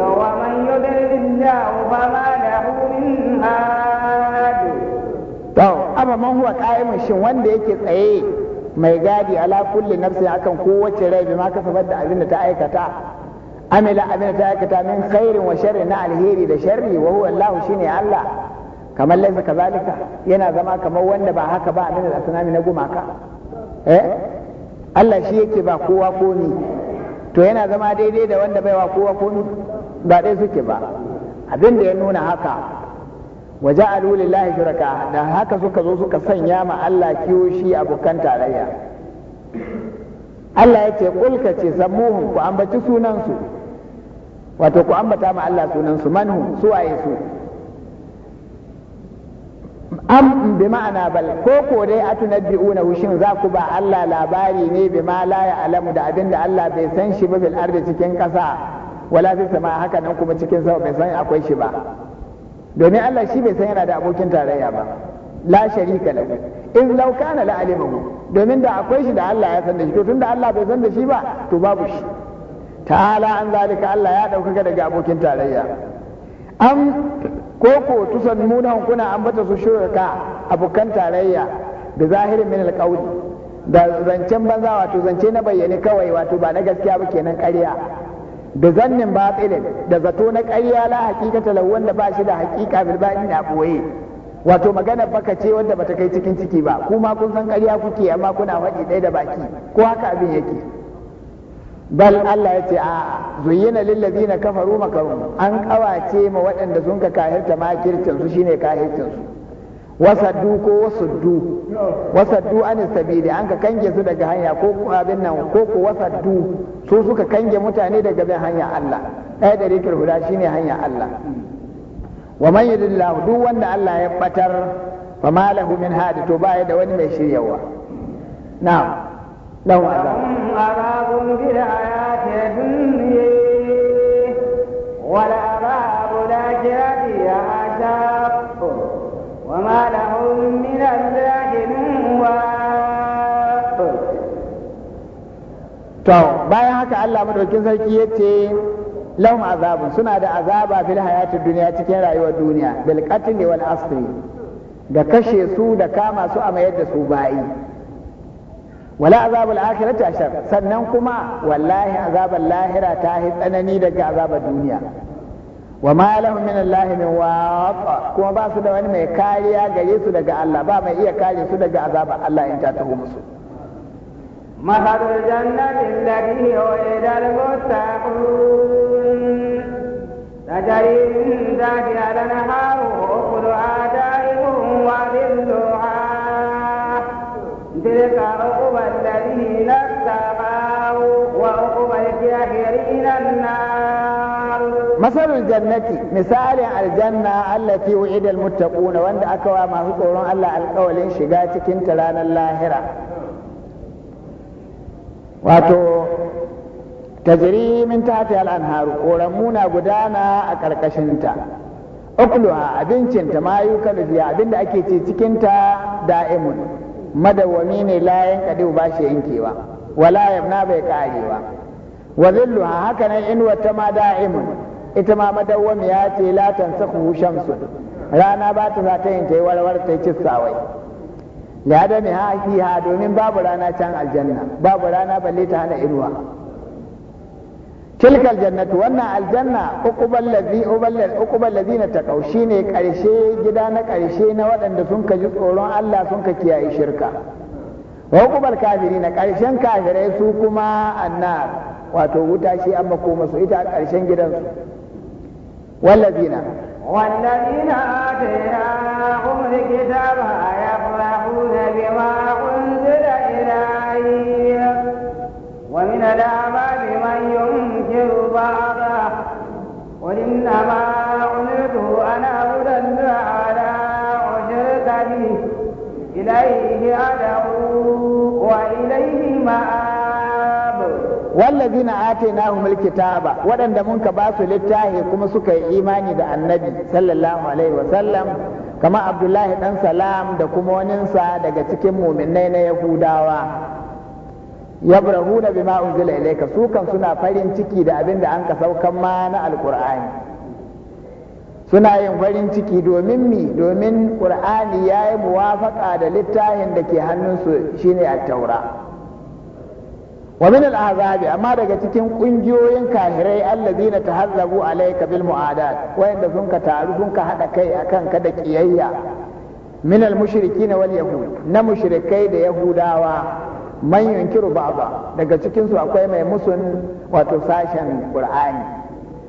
S2: ومن يضلل الله فما له من
S1: هاد أما من هو قائم شن wanda yake tsaye mai gadi ala kulli nafsi akan kowace rai bi ma kasabar da abin da ta aikata amila abin da ta aikata min khairin wa sharri na alheri da sharri wa huwa Allah shine Allah kamar laisa kazalika yana zama kamar wanda ba haka ba min al-asnami na gumaka eh Allah shi yake ba kowa ko ni to yana zama daidai da wanda bai wa kowa ko ni ba dai suke ba abin da ya nuna haka wa ja'alu lillahi shuraka da haka suka zo suka sanya ma Allah shi abokan tarayya Allah ya ce kulka ce sammuhum ku ambaci sunansu wato ku ambata ma Allah sunansu manhu suwaye su am bi ma'ana bal ko ko dai atunabbi'una shin za ku ba Allah labari ne bi ma la ya'lamu da abin da Allah bai san shi ba bil ardi cikin kasa wala fi sama haka nan kuma cikin sama bai san akwai shi ba domin Allah shi bai san yana da abokin tarayya ba la sharika lahu in law kana la alimahu domin da akwai shi da Allah ya san da shi to tunda Allah bai san da shi ba to babu shi ta'ala an zalika Allah ya dauka daga abokin tarayya am ko ko tusan muna kuna bata su a abokan tarayya da zahirin min alqauli da zancen banza wato zance na bayyane kawai wato ba na gaskiya ba kenan ƙarya da zannin batilin da zato na ƙarya la haƙiƙata lahu wanda ba shi da haƙiƙa bil ba na boye wato magana baka ce wanda bata kai cikin ciki ba kuma kun san ƙarya kuke amma kuna faɗi ɗaya da baki ko haka abin yake bal Allah ya ce a zuyyina lillazina kafaru makarum an kawace ma waɗanda sun ka kahirta makircin su shine kahircin su wasaddu ko wasuddu wasaddu an sabili an ka kange su daga hanya ko abin nan ko ko wasaddu su suka kange mutane daga bin hanya Allah ɗaya da rikir huda shine hanya Allah wa man yudillahu duk wanda Allah ya batar fa malahu min hadi to baya da wani mai shiryawa na'am لهم bayan haka Allah madaukin sarki ya ce lahum azabun suna da azaba fil hayatid duniya cikin rayuwar duniya bil qatl wal asri da kashe su da kama su a mayar da su bayi wala azabar akhirati ashar sannan kuma wallahi azabar lahira ta tsanani daga azabar duniya wa ma lahum min allahi kuma ba da wani mai kariya gare su daga Allah ba mai iya kare su daga azabar Allah in ta taho musu
S2: الجنة التي وعد المتقون تجري من تحتها الأنهار أكلها دائم وذلها تلك
S1: masar jannati misalin aljanna allati wa'ida almuttaquna wanda aka wa masu tsoron Allah alƙawalin shiga cikin ta ranar lahira wato tajri min tahti alanharu na gudana a karkashin ta a abincin ta mayu kalu ji abinda ake ci cikin ta da'imun madawami ne layin kadu bashi yankewa wala yamna bai karewa wa zilluha haka nan in wata ma da'imun ita ma madauwamiya ce la saku shamsu rana ba ta ta yin ta yi warwar ta yi kissawai da adami ha domin babu rana can aljanna babu rana balle ta hana inuwa tilkal jannatu wannan aljanna uqbal ladhi uqbal ladina taqaw shine karshe gida na karshe na waɗanda sun ka ji tsoron Allah sun ka kiyaye shirka wa hukumar kafiri na ƙarshen kafirai su kuma annar wato wuta shi an mako masu ita a ƙarshen gidansu wallazina
S2: wallazina atayna hum alkitaba yafrahuna bima unzila ilayhi wa min al'azabi man yunkiru ba'dahu qul innama إليه أدعو وإليه مآب
S1: والذين آتيناهم الكتاب ودن دمونك باسوا للتاه كما سكى إيماني دا النبي صلى الله عليه وسلم كما عبد الله بن سلام دا كما ننسى دا تكم مؤمنين يهوداوا يبرهون بما أنزل إليك سوكا سنا فارين تكي دا أبين دا أنك سوكا ما نأل القرآن suna yin farin ciki domin mi domin ƙur'ani ya yi muwafaƙa da littafin da ke hannunsu shine a taura wa min al'azabi amma daga cikin ƙungiyoyin kahirai allazina tahazzabu alayka bil mu'adat wayanda sun ka taru sun ka hada kai akan ka da kiyayya min al mushrikin wal yahud na mushrikai da yahudawa man yunkiru ba'da daga cikin akwai mai musun wato sashen qur'ani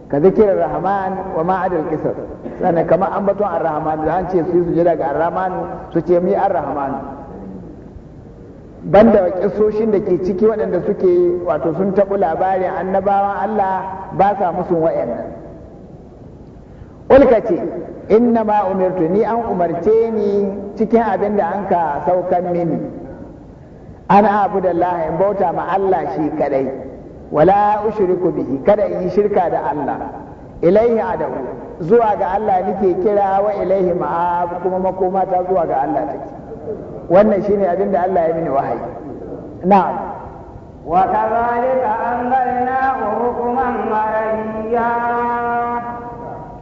S1: ka zikirar rahman wa ma'adar kisar sannan kama an baton ar-rahman da an ce su yi sujada ga ar-rahman su ce mi ar-rahman banda kisoshin da ke ciki waɗanda suke wato sun taɓu labarin annabawan Allah ba sa musu wayan. ulka ce inna ma umirtu ni an umarce ni cikin abin da an ka saukan mini an abu da lahayin bauta ma Allah shi kadai wala ushriku bihi kada in yi shirka da Allah ilaihi adabu zuwa ga Allah nake kira wa ilaihi ma'ab kuma makoma ta zuwa ga Allah take wannan shine abin da Allah ya mini wahayi na'am
S2: wa kadhalika anzalnahu hukuman mariyya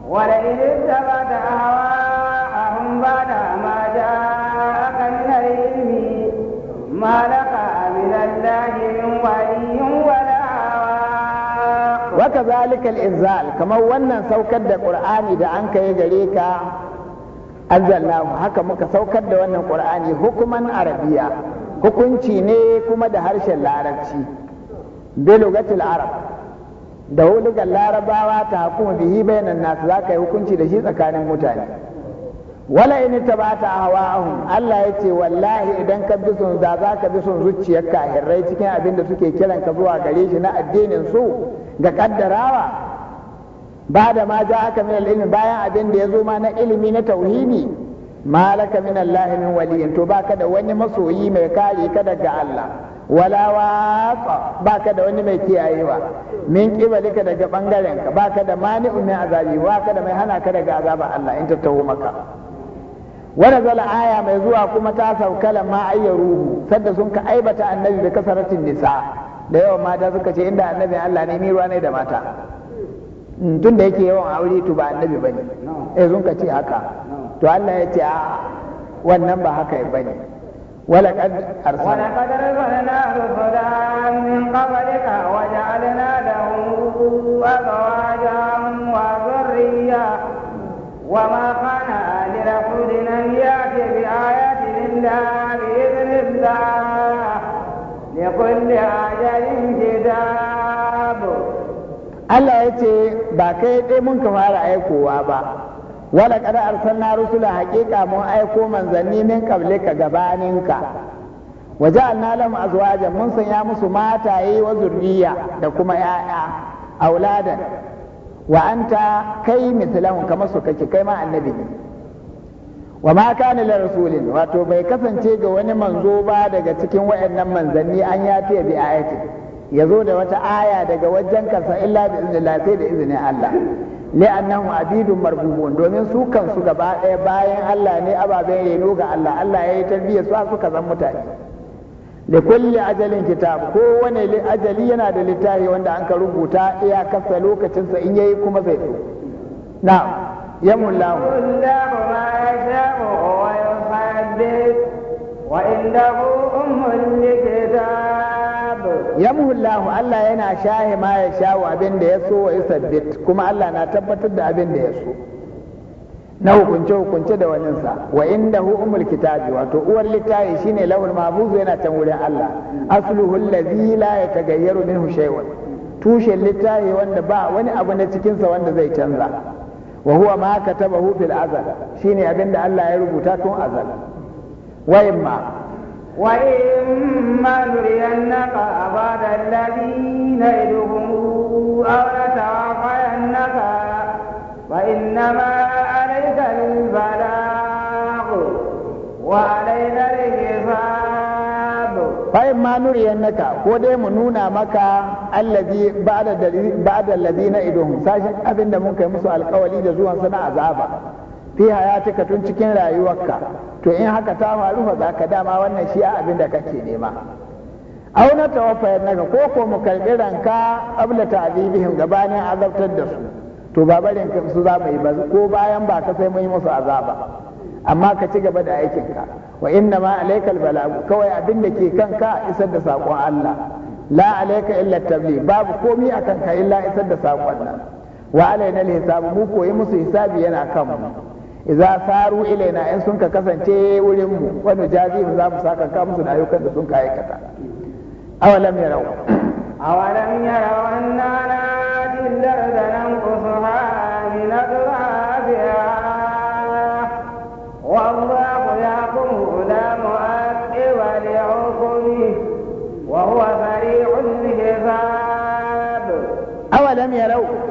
S2: wa la iltabata ahwa'ahum ba'da ma ja min al-ilmi ma laka min Allah min waliyyin
S1: waka zalikal inzal kamar wannan saukar da qur'ani da an kai gare ka anzalnahu haka muka saukar da wannan qur'ani hukuman arabiya hukunci ne kuma da harshen larabci bi lugatil arab da hulugan larabawa ta hukuma bihi bainan nas zaka yi hukunci da shi tsakanin mutane wala in tabata ahwa'ahum Allah yace wallahi idan ka bi sun za za ka bi sun zuciyar kahirrai cikin abin da suke kiran ka zuwa gare shi na addinin su ga kaddarawa ba da ma ja aka min ilmi bayan abin da ya zo ma na ilimi na tauhidi malaka min Allah min waliyin to baka da wani masoyi mai kare ka daga Allah wala waqa baka da wani mai kiyayewa min kibalika daga bangaren ka baka da mani'u min azabi baka da mai hana ka daga azaba Allah in ta maka wani zala aya mai zuwa kuma ta sauka lamma ayya ruhu sadda sun ka aibata annabi da kasaratin nisa da yawan mata suka ce inda annabi Allah ne ni ne da mata mm, tun da yake yawan aure to ba annabi bane eh sun ka ce haka to Allah ya ce a wannan ba haka bane ولقد أرسلنا ولقد
S2: أرسلنا رسلا من قبلك وجعلنا لهم أزواجا وذرية وما كان يعود لم يأتي بآية إلا بإذن الله لكل أجل كتاب
S1: Allah ya ce ba kai ɗaya mun ka fara aikowa ba wala kada arsalna rusula haƙiƙa mun aiko manzanni min ka gabaninka wa ja'alna lahum azwajan mun sanya musu mataye wa zurriya da kuma 'ya'ya auladan wa anta kai mislahum kamar su kake kai ma annabi wa ma kana li rasulin wato bai kasance ga wani manzo ba daga cikin wayannan manzanni an ya ta bi ayati zo da wata aya daga wajen kansa illa bi iznillah sai da izinin Allah annahu abidun marbubun domin su kansu gaba ɗaya bayan Allah ne ababen reno ga Allah Allah ya yi tarbiyyar su suka zan mutane da kulli ajalin kitab wani ajali yana da littafi wanda an ka rubuta kasa lokacinsa in yayi kuma zai na يمحو الله الله
S2: ما يشاء
S1: yana shahe ma ya shawo abin ya so wa yusabbit kuma Allah na tabbatar da abin da ya so na hukunce hukunce da waninsa wa inda hu umul kitabi wato uwar littafi shine lahul mahfuz yana can wurin Allah asluhu ya la yatagayyaru minhu shay'un tushen littafi wanda ba wani abu na cikinsa wanda zai canza wa huwa ma katabahu fil azal shine abinda Allah ya rubuta tun azal wa imma
S2: wa imma nuriyannaka abada alladhina yaduhum aw natawafayannaka wa innama alayka al-balagh wa alayka
S1: fa'in ma nuriyan naka ko dai mu nuna maka allazi ba'da na idon sashen abin da mun kai musu alkawali da zuwan sana azaba fi hayatika tun cikin rayuwarka to in haka ta faru fa zaka dama wannan shi abin da kake nema aw na tawaffayar naka ko ko mu karɓi ranka qabla ta'dibihim gabanin azabtar da su to ba kan su za mu yi ba ko bayan ba ka sai mu yi musu azaba amma ka ci gaba da aikinka wa inna ma alaikal balagu kawai abin da ke kanka isar da sakon Allah la alaika illa tabli babu komi a kanka illa isar da saƙon nan wa alaina hisabu mu koyi musu hisabi yana kan mu idza saru ilaina in sun ka kasance wurin mu wa nujazihim za mu saka ka musu da ayyukan da sun ka aikata awalam yarau awalam yarau anna la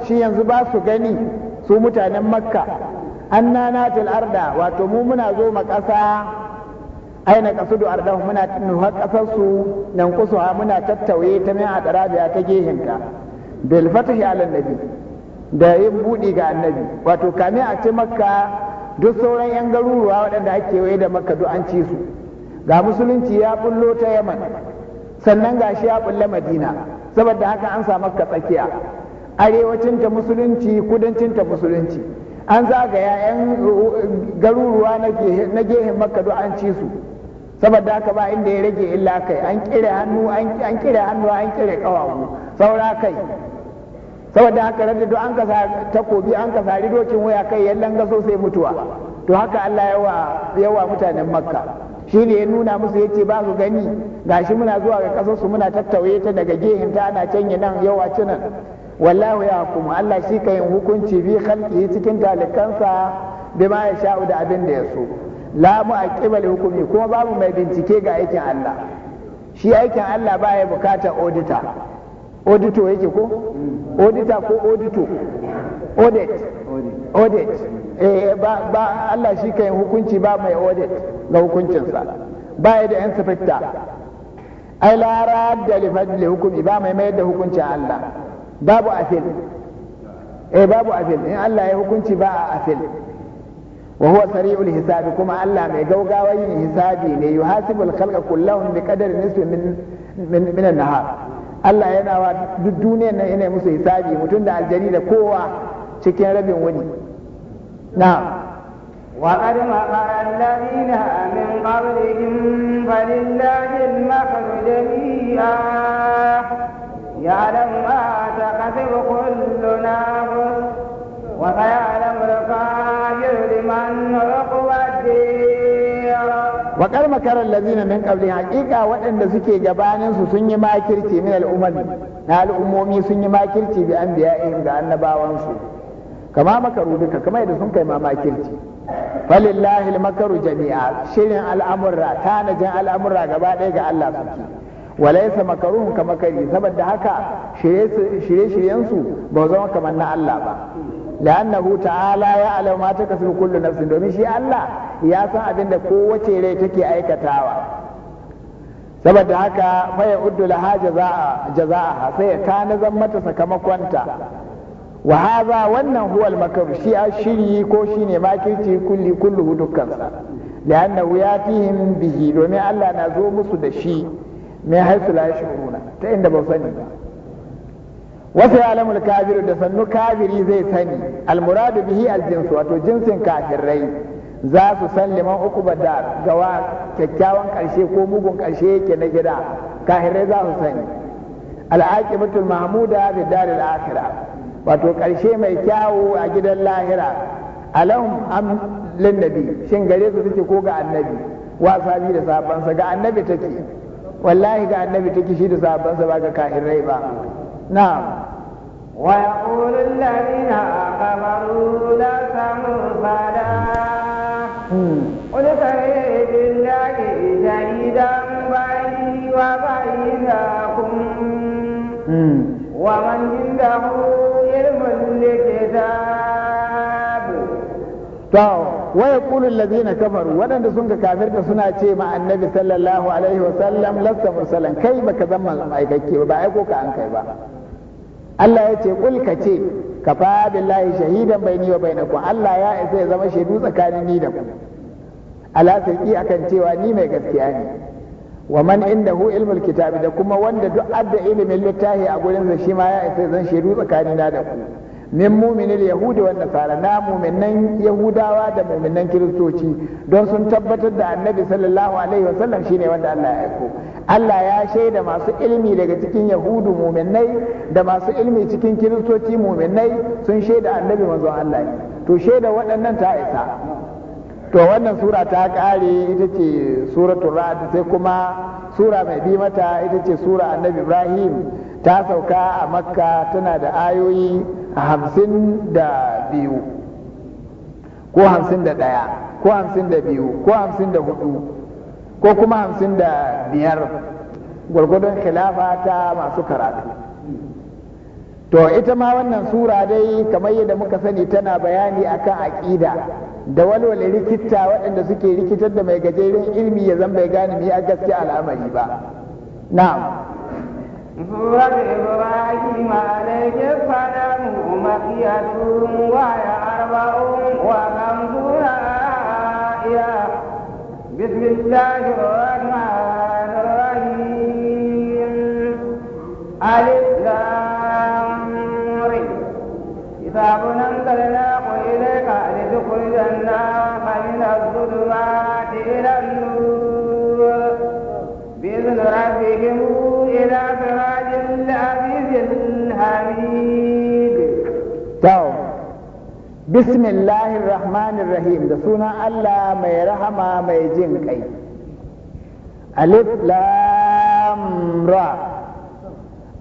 S1: shi yanzu ba su gani su mutanen makka anna arda wato mu muna zo ma ƙasa aina kasudu ardahu muna nuha ƙasarsu su nan kusuha muna tattauye ta min adarabiya ta gehinta bil fatahi ala nabi da yin buɗi ga annabi wato kame a ce makka duk sauran yan garuruwa waɗanda ake waye da makka duk an ci su ga musulunci ya bullo ta yaman sannan gashi ya bulle madina saboda haka an samu makka tsakiya arewacin ta musulunci kudancin ta musulunci an zagaya 'yan uh, garuruwa na gehen makka duk an ci su saboda haka ba inda ya rage illa kai an kire hannu an kire hannu an kire kawawu saura kai saboda haka rada duk an kasa takobi an kasa dokin waya kai yallan gaso sai mutuwa to haka Allah yawa yawa mutanen makka shi ne ya nuna musu yace ba su gani gashi muna zuwa ga kasar su muna tattauye ta daga gehen ta ana canye nan yawa cinan wallahu ya hukumu Allah shi ka hukunci bi khalqi cikin talikansa bima ya sha'u da abin da ya so la mu aqibal hukumi kuma babu mai bincike ga aikin Allah shi aikin Allah ba ya bukata auditor audito yake ko auditor ko audito audit audit eh ba ba Allah shi ka hukunci ba mai audit ga hukuncinsa ba ya da inspector ai la radda li fadli hukumi ba mai mayar da hukuncin Allah babu a fil, eh babu a fil, in Allah ya hukunci ba a fil. wa huwa sari'ul hisabi kuma Allah mai gaugawa ne hisabi ne al khalqa kullahum bi qadri nisfi min min min an-nahar Allah yana wa duk duniyar nan yana musu hisabi mutum da aljani da kowa cikin rabin wani na'am
S2: وقد مكر الذين من قبلهم فلله المكر جميعا يعلم وسيعلم القادر لمن عقب الدير
S1: وقال waɗanda suke gabanin قبلهم حقيقة وأن سكي جبانين na al'ummomi sun yi makirci bi an biya da annabawansu kama makaru duka kama yadda sun kai ma makirci falillahi makaru jami'a shirin al'amurra tanajin al'amura gaba ɗaya ga Allah suke walaisa makaruhun kama kari saboda haka shirye-shiryensu ba zama kamar na Allah ba لأنه تعالى يعلم ما تكسب كل نفس domin shi Allah ya san abin da kowace rai take aikatawa saboda haka faya uddu laha jaza'aha sai ya tanazan mata sakamakonta wa haza wannan huwal al shi a shiri ko shine makirci kulli kulluhu dukkansa fi yin bihi domin Allah na zo musu da shi mai haisu la shi, ta inda ba sani ba wasu ya alamul kabiru da sannu kabiri zai sani almuradu bihi aljinsu wato jinsin kafirai za su san liman uku da gawa kyakkyawan karshe ko mugun karshe yake na gida kafirai za su sani al'aqibatul mahmuda fi daril akhirah wato karshe mai kyawu a gidan lahira Alam am lin shin gare su suke ko ga annabi wa sabi da sabansa ga annabi take wallahi ga annabi take shi da sabansa ba ga kafirai ba نعم ويقول الذين
S2: كفروا لست مرسلا قل كفي بالله شهيدا بيني وبينكم ومن عنده علم الكتاب
S1: طاو waya kulun lazina kafaru waɗanda sun ga kafirta suna ce ma annabi sallallahu alaihi wasallam lasta mursalan kai baka zama aikakke ba aiko ka an ba Allah ya ce kulka ka ce ka fa billahi shahidan baini wa bainakum Allah ya isa ya zama shaidu tsakanin ni da ku ala sirki akan cewa ni mai gaskiya ne wa man indahu ilmul kitabi da kuma wanda duk adda ilimin littafi a gurin sa shi ma ya isa zan shaidu tsakanin na da ku min mu'minil yahudi wa nasara na mu'minan yahudawa da mu'minan kiristoci don sun tabbatar da annabi sallallahu alaihi wasallam shine wanda Allah ya aiko Allah ya shaida masu ilmi daga cikin yahudu muminai da masu ilmi cikin kiristoci muminai sun shaida annabi manzon Allah to shaida waɗannan ta isa to wannan sura ta ƙare ita ce suratul ra'd sai kuma sura mai bi mata ita ce sura annabi ibrahim ta sauka a makka tana da ayoyi hamsin da biyu ko hamsin da ɗaya ko hamsin da biyu ko hamsin da hudu ko kuma hamsin da biyar gwargwadon khilafa ta masu karatu to ita ma wannan sura dai kamar yadda muka sani tana bayani akan aƙida da walwale rikita waɗanda suke rikitar da mai gajeren ilmi ya zan bai gane mai a gaske al'amari ba na'am
S2: سورة إبراهيم عليه السلام مكية وهي أربع وخمسون بسم الله الرحمن الرحيم ألف لامر كتاب أنزلناه إليك لتخرج الناس من الظلمات إلى النور بإذن ربهم إلى سراج العزيز الحميد.
S1: bismillahir rahmanir rahim da sunan Allah mai rahama mai jin kai alif lam ra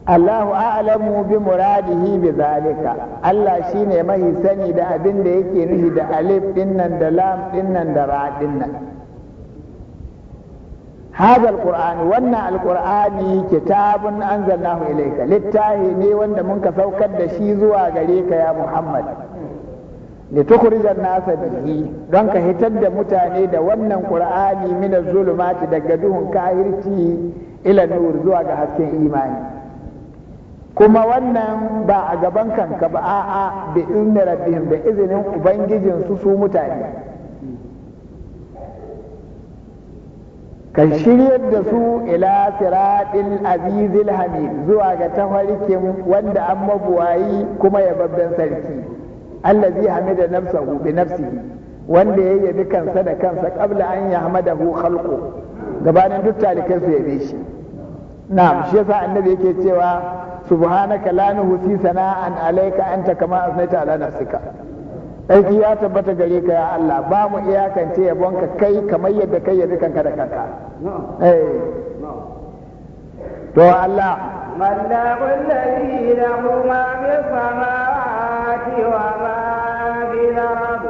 S1: Allahu a'lamu bi muradihi bi zalika Allah shine mai sani da abin da yake nufi da alif dinnan da lam dinnan da ra dinnan هذا القرآن وانا القرآن ne wanda mun ka saukar da shi zuwa gare ka ya محمد an nasa bihi don ka hitar da mutane da wannan qur'ani min zulumati daga duhun kahirci ila nur zuwa ga hasken imani kuma wannan ba a gaban kanka ba a'a bi inna rabbihim da izinin ubangijin su su mutane Kan shiryar da su ila siratil azizil hamid zuwa ga tafarkin wanda an mabuwayi kuma yababben sarki allazi hamida nafsahu bi nafsihi wanda ya yabi kansa da kansa qabla an yahmadahu khalqu gabanin duk talikai su yabe shi na'am shi yasa annabi yake cewa subhanaka la nuhsi sana'an alayka anta kama asnaita ala nafsika aiki ya tabbata gare ka ya Allah ba mu iyakance yabonka kai kamar yadda kai yabi kanka da kanka eh to Allah
S2: mallahu alladhi lahu ma samawati wa ma fi al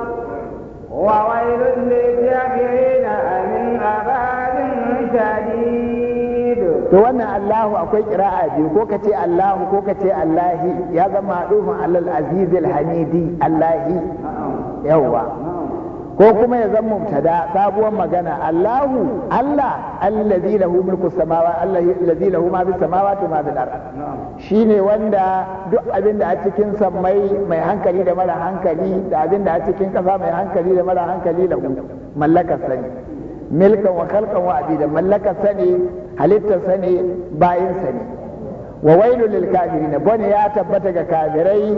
S2: wa wailun lil-kafirin min adhabin shadid
S1: to wannan Allahu akwai kira'a biyu ko kace Allahu ko kace Allahi ya zama duhun alal azizil hamidi Allahi yawwa ko kuma ya zama mubtada sabuwar magana Allahu Allah allazi lahu mulku samawa allazi lahu ma bis samawati ma bil ard shine wanda duk abin da a cikin sammai mai hankali da mara hankali da abin da a cikin kasa mai hankali da mara hankali lahu mallakar sani milkan wa khalqan wa abida mallakar sani halittar sani bayin sani wa wailul lil kafirin bane ya tabbata ga kafirai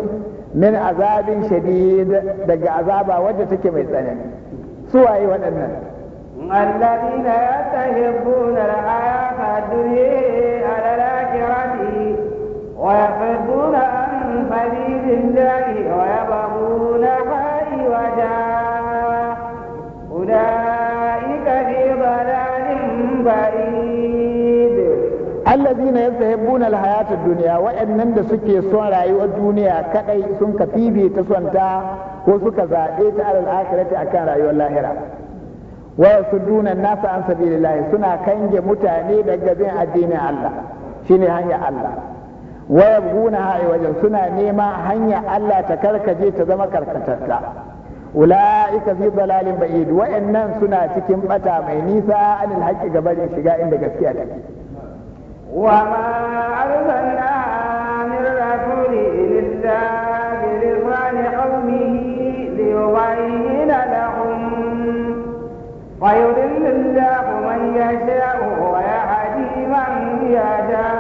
S1: من عذاب شديد دق عذاب وجهتك مثلا سوى اي
S2: الذين يستحبون الحياة الدنيا على الآخرة ويحبون أن فريد الله ويبغون حي وجاء أولئك في ضلال بعيد
S1: allazina yastahibbuna alhayata ad-dunya da suke son rayuwar duniya kadai sun ka ta son ta ko suka zaɓe ta alal akhirati akan rayuwar lahira wa yasudduna an-nasa an sabilillahi suna kange mutane daga bin addinin Allah shine hanya Allah wa yabghuna ha'i wajen suna nema hanya Allah ta karkaje ta zama karkatatta ula'ika fi dalalin ba'id wa'annan suna cikin bata mai nisa anil haƙƙi gabarin shiga inda gaskiya take
S2: وما أرسلنا من رسول إلا برضوان قومه ليبين لهم ويضل الله من يشاء ويهدي من يشاء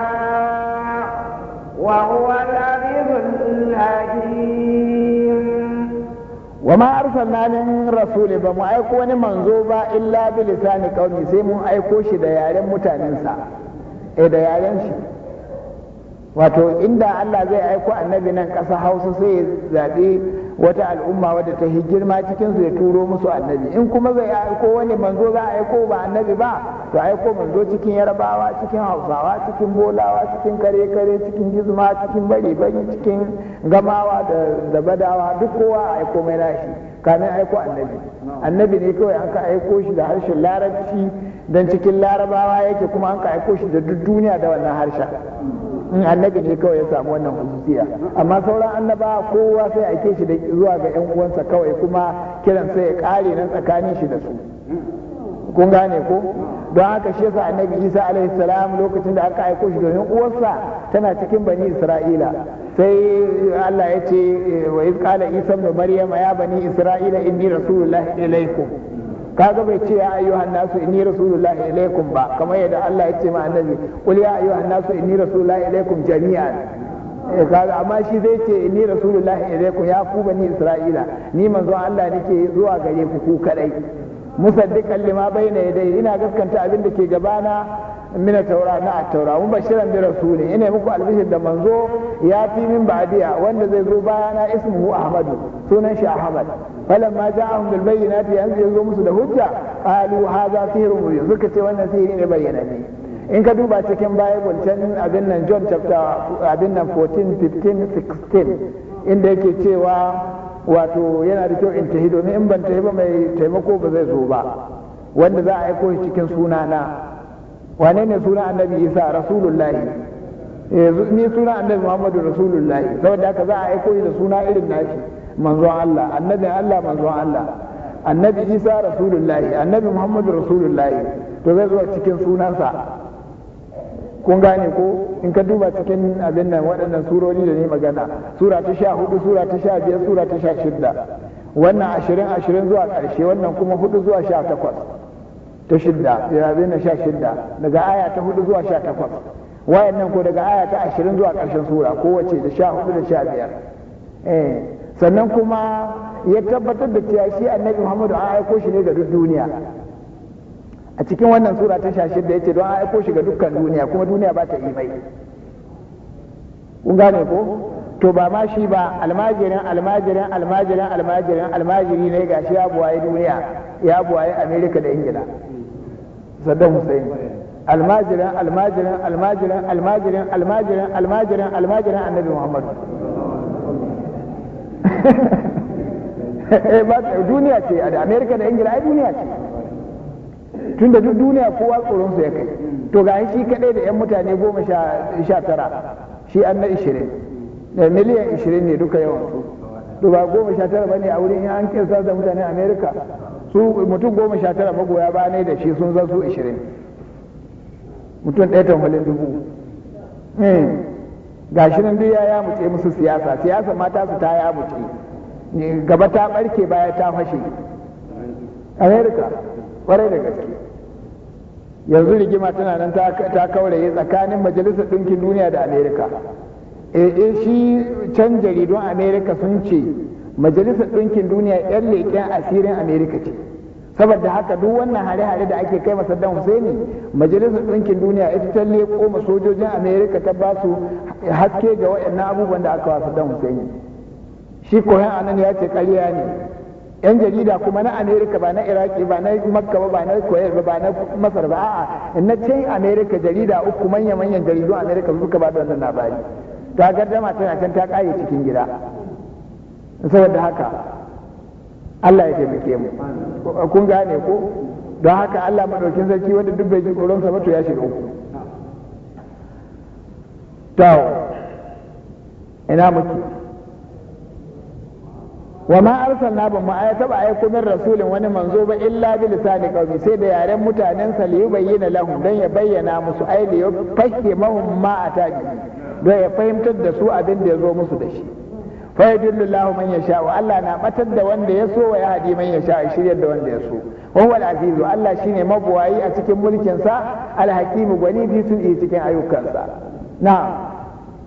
S2: وهو العزيز الحكيم
S1: وما أرسلنا من رسول بما أيكون منزوبا إلا بلسان قومه سيمون أيكوش ديار متنسى E da yayan shi wato inda Allah zai aiko annabi nan ƙasa Hausa sai ya zaɓi wata al'umma wadda ta yi girma cikin su ya turo musu annabi in kuma zai aiko wani manzo za a aiko ba annabi ba to aiko manzo cikin yarbawa cikin hausawa cikin bolawa cikin kare kare cikin gizma cikin bari bari cikin gamawa da badawa duk kowa a aiko mai nashi kamin aiko annabi annabi ne kawai an ka aiko shi da harshen larabci don cikin larabawa yake kuma an ka aiko shi da duk duniya da wannan harshen in annabi ne kawai ya samu wannan hususiya amma sauran annaba kowa sai aike shi da zuwa ga yan uwansa kawai kuma kiran sai ya kare nan tsakanin shi da su kun gane ko don haka shi yasa annabi isa alaihi salam lokacin da aka aiko shi domin uwarsa tana cikin bani isra'ila sai Allah ya ce wa iz qala isa ibn maryam ya bani isra'ila inni rasulullahi ilaikum kaga bai ce ya ayyuha nasu inni rasulullahi ilaikum ba kamar yadda Allah ya ce ma annabi qul ya ayyuha nasu inni rasulullahi ilaikum jami'an eh, kaga amma shi zai ce inni rasulullahi ilaikum ya ku bani isra'ila ni manzo Allah nake zuwa gare ku ku kadai musaddiqan lima bayna yadayya ina gaskanta abin da ke gabana min taura na taura mun bashiran bi rasuli ina muku albishir da manzo ya fi min ba'diya wanda zai zo bayana ismuhu ahmadu sunan shi ahmad falamma ja'ahum bil bayyinati yanzu yazo musu da hujja qalu hadha sihrun mubin suka ce wannan sihiri ne bayyana ne in ka duba cikin bible can abin nan john chapter abin nan 14 15 16 inda yake cewa wato yana da kyau in ta tahi domin in ban tahi ba mai taimako ba zai zo ba wanda za a aiko shi cikin sunana wane ne sunan annabi isa rasulullahi eh, ni sunan annabi muhammadu rasulullahi saboda haka za a aiko da suna irin nashi manzon allah annabi allah manzon allah annabi isa rasulullahi annabi muhammadu rasulullahi to zai zuwa cikin sunansa kun gane ko in ka duba cikin abin nan waɗannan surori da ne magana sura ta sha hudu sura ta sha biyar sura ta sha shidda wannan ashirin ashirin zuwa ƙarshe wannan kuma hudu zuwa sha takwas ta shidda na sha shidda daga aya ta hudu zuwa sha takwas wayannan ko daga aya ta ashirin zuwa ƙarshen sura kowace da sha hudu da sha biyar eh, sannan kuma ya tabbatar da cewa shi annabi muhammadu an aiko shi ne ga duk duniya a cikin wannan sura ta sha shidda ya ce don an aiko shi ga dukkan duniya kuma duniya ba ta yi mai kun gane ko to ba ma shi ba almajirin almajirin almajirin almajirin almajiri ne ga shi ya buwaye duniya ya buwaye amerika da ingila saddam Hussein. almajirin almajirin almajirin almajirin almajirin almajirin almajirin annabi muhammad eh ba duniya ce da amerika da ingila ai duniya ce tun da duk duniya kowa tsoron su ya kai to ga shi kadai da yan mutane goma sha tara shi an na ishirin da eh, miliyan ishirin ne duka yawan su to ba goma sha tara bane a wurin an kirsa da mutanen amerika su mutum goma sha tara magoya ba ne da shi sun zan su ishirin mutum ɗaya tamhalin dubu hmm. ga shi nan duk ya ya yamuce musu siyasa siyasa mata su ta yamuce gaba ta ɓarke baya ta fashe amerika kwarai da gaske yanzu rigima tana nan ta kauraye tsakanin majalisar ɗinkin duniya da amerika e shi can jaridun amerika sun ce majalisar ɗinkin duniya 'yan leƙen asirin amerika ce saboda haka duk wannan hare-hare da ake kai masa dan Husaini majalisar ɗinkin duniya ita ta leƙo ma sojojin Amerika ta ba su haske ga waɗannan abubuwan da aka wasu dan Husaini shi koyan anan ya ce ƙarya ne yan jarida kuma na Amerika ba na Iraki ba na Makka ba na koyar ba na Masar ba a'a na can Amerika jarida uku manya-manyan jaridu Amerika suka ba da wannan labari ta gardama tana can ta ƙare cikin gida saboda haka Allah ya taimake mu kun gane ko don haka Allah madaukin sarki wanda duk bai ji tsoron sa ba to ya shiga uku to ina muke wa ma arsalna ba mu ayata ba aiko min rasulin wani manzo ba illa bi lisani qaumi sai da yaren mutanen sa li bayyana lahum dan ya bayyana musu ai da ya fahimahum ma atabi don ya fahimtar da su abin da ya zo musu da shi fa yadullu Allahu man yasha wa Allah na batar da wanda ya so wa ya hadi man yasha shiryar da wanda ya so wa huwa al-azizu Allah shine mabuwayi a cikin mulkin sa al-hakimu gwani bi cikin ayyukansa na'am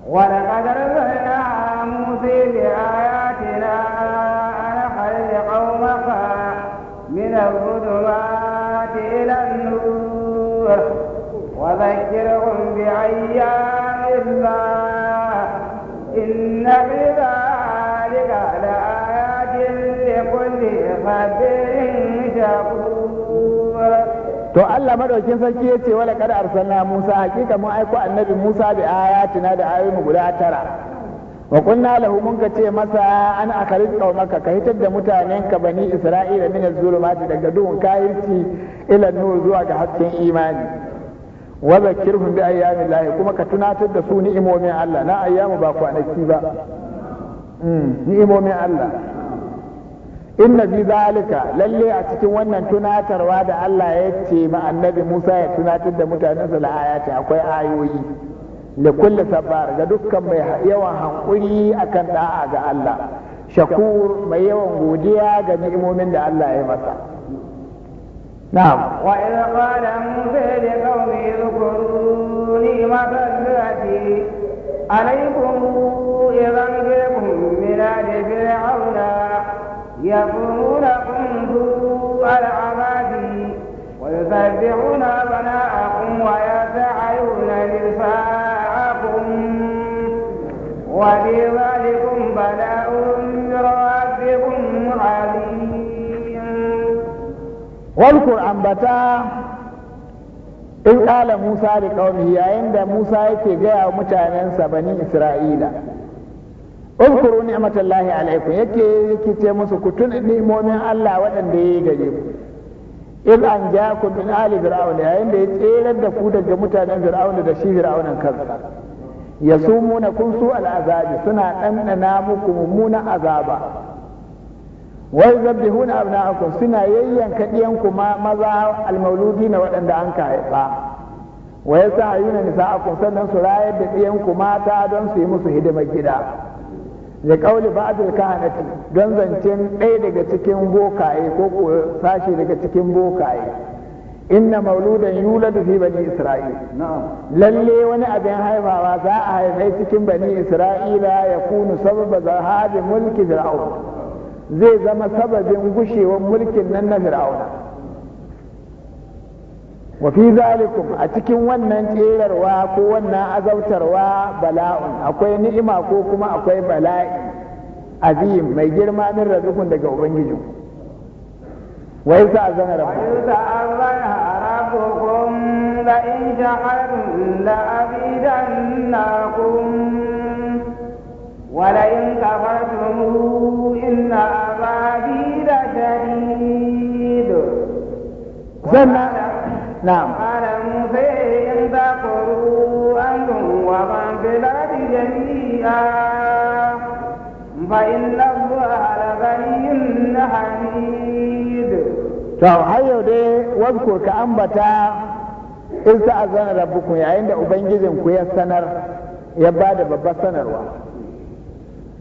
S2: wa laqad arsalna Musa bi ayatina an khalqa qaumaka min al-dhulumati ila an-nur wa dhakkirhum bi ayyamin Allah inna bi
S1: To Allah madaukin sarki ya ce wala kada arsalna Musa hakika mu aiko annabi Musa bi ayatina da ayoyin guda tara. Wa kunna lahu mun ka ce masa an akhrij qaumaka ka hitar da mutanen ka bani Isra'ila min az-zulumati daga duhun kafirci ila nur zuwa ga hasken imani. Wa zakkirhum bi ayyamin Allah kuma ka tunatar da su ni'imomin Allah na ayyamu ba kwanaki ba. Hmm, ni'imomin Allah inna fi zalika lalle a cikin wannan tunatarwa da Allah ya ce ma annabi Musa ya tunatar da mutanen sa la'ayati akwai ayoyi da kulle sabar ga dukkan mai yawan hankuri akan da'a ga Allah shakur mai yawan godiya ga ni'imomin da Allah ya masa na'am
S2: wa in qala musa li qaumi yadhkuru ni'mata allati alaykum idan bikum min ali fir'auna يقولون انظروا على عبادي ويتبعون بناءكم ويسعون نساءكم ولذلكم بلاء من ربكم عليم
S1: واذكر أنبتا in قال موسى لقومه ƙaunihi yayin da Musa yake gaya wa mutanensa uzkuru ni'matallahi alaikum yake yake ce musu ku tun ni'imomin Allah waɗanda yayi gare ku in an ja ku min ali fir'aun yayin da ya tserar da ku daga mutanen fir'aun da shi fir'aun kansa ya sumuna kun su al'azabi suna ɗanɗana muku mummunan azaba wai na abna'akum suna yayyanka ɗiyanku ma maza almauludi na waɗanda an ka haifa wa yasa ayuna nisa'akum sannan su rayar da ɗiyanku mata don su yi musu hidimar gida da kauli ba'dul kahanati don zancen ɗaya daga cikin bokaye ko ko sashi daga cikin bokaye inna mauludan yuladu fi bani isra'il lalle wani abin haifawa za a haifai cikin bani isra'ila ya kunu sababa zahabi mulki fir'aun zai zama sababin gushewar mulkin nan na fir'auna wa fi zalikum a cikin wannan tserarwa ko wannan azautarwa bala'un akwai ni'ima ko kuma akwai bala'i azim mai girma min razukun daga ubangiji wa yasa azana
S2: rabbukum la in ja'alun la abidannakum wa la in kafartum inna abadi la shadid sannan نعم قال موسى إن تكفروا أنتم ومن في جميعا فإن الله لغني حميد
S1: to har yau dai wasu ka ambata in sa azana rabbukum yayin da ubangijin ku ya sanar ya ba da babbar sanarwa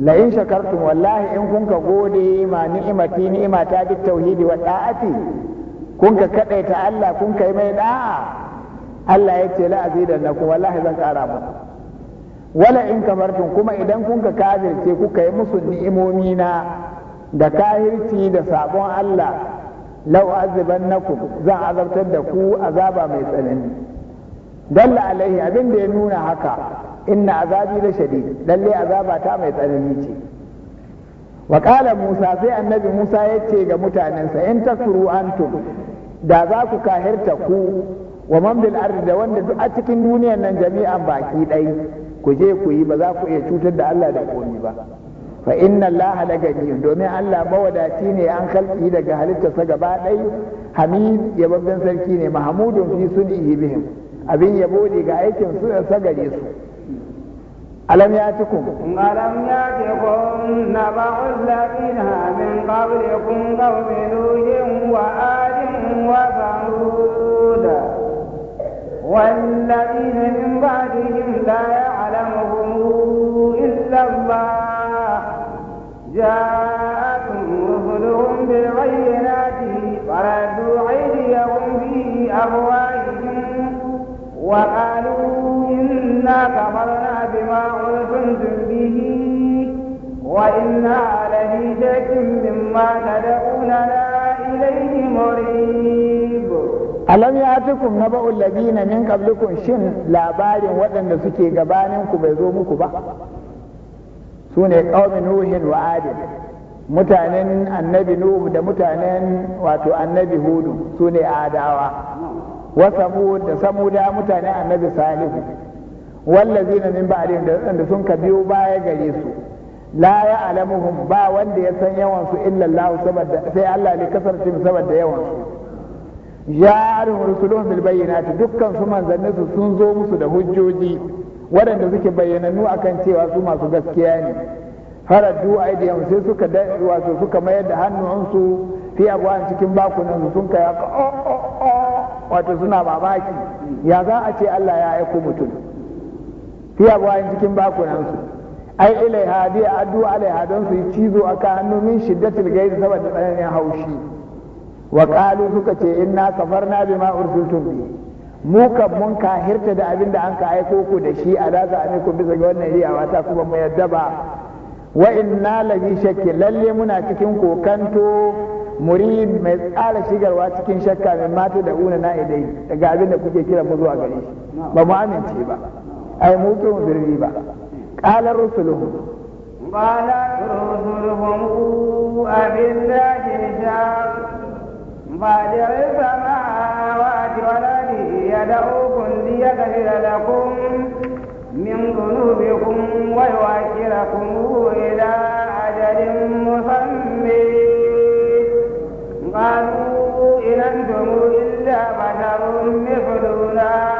S1: la in shakartum wallahi in kun ka gode ma ni'imati ni'imata bit tauhidi wa da'ati kun ka ta Allah kun kai mai da'a Allah ya ce da na kuma wallahi zan ƙara ba wala in tun kuma idan kun ka kafirce kuka yi musu ni'imomi na da kahirci da sabon Allah lau na ku zan azabtar da ku azaba mai tsanani dalla alaihi abin da ya nuna haka inna azabi da shadid lalle azaba ta mai tsanani ce wa musa sai annabi musa ya ce ga mutanensa in ta takfuru antum da za ku kahirta ku wa man bil ardi da wanda duk a cikin duniyar nan jami'an baki ɗai ku je ku yi ba za ku iya cutar da Allah da komi ba fa inna Allah la gani domin Allah mawadaci ne an kalki daga halittarsa gaba dai hamid yababben sarki ne mahmudun fi sun'ihi bihim abin yabo ne ga aikin su sa gare su alam ya ci kun
S2: alam ya ci kun na ba'ul ladina min qablikum qawmin nuhin wa وثمود والذين من بعدهم لا يعلمهم إلا الله جاءتهم رسلهم بالبينات فردوا أيديهم في أفواههم وقالوا إنا كفرنا بما أرسلتم به وإنا لفي شك مما تدعوننا عليه
S1: alam ya atikum na ba'u ladina min qablikum shin labarin waɗanda suke gabanin ku bai zo muku ba su ne qaumin nuhin wa adin mutanen annabi nuhu da mutanen wato annabi hudu su ne adawa wa samud da samuda mutanen annabi salihu wallazina min ba'adin da waɗanda sun ka biyo baya gare su la ya alamuhum ba wanda ya san yawan su illa Allah saboda sai Allah ne kasarcin saboda yawan su ja'alhum rusuluhum bil bayyinati dukkan su manzanni sun zo musu da hujjoji waɗanda suke bayyananu akan cewa su masu gaskiya ne faraddu aidiyam sai suka da wato suka mayar da hannuwansu fi abwan cikin bakunan su sun kai
S3: o-o-o, oh, oh,
S1: oh, wato suna babaki ya za a ce Allah ya aiko mutum fi abwan cikin bakunan su ai ilai ilaiha a addu alaiha don su yi cizo a kan hannu min shiddatil gaiz saboda ya haushi wa qalu suka ce inna kafarna bima ursiltum bi mu kan mun kahirta da abin da an ka aiko ku da shi a a amiku bisa ga wannan riyawa ta kuma mu yadda ba wa inna la bi shakki lalle muna cikin kokanto murid mai tsara shigarwa cikin shakka mai mata da una na idai daga abin kuke kira mu zuwa gare shi ba mu amince ba ai mu ke mu ba قال رسلهم
S2: قال رسلهم أبالله شاق بعد السماوات والأرض يدعوكم ليغفر لكم من ذنوبكم ويؤخركم إلى أجل مسمى قالوا إن أنتم إلا بشر مثلنا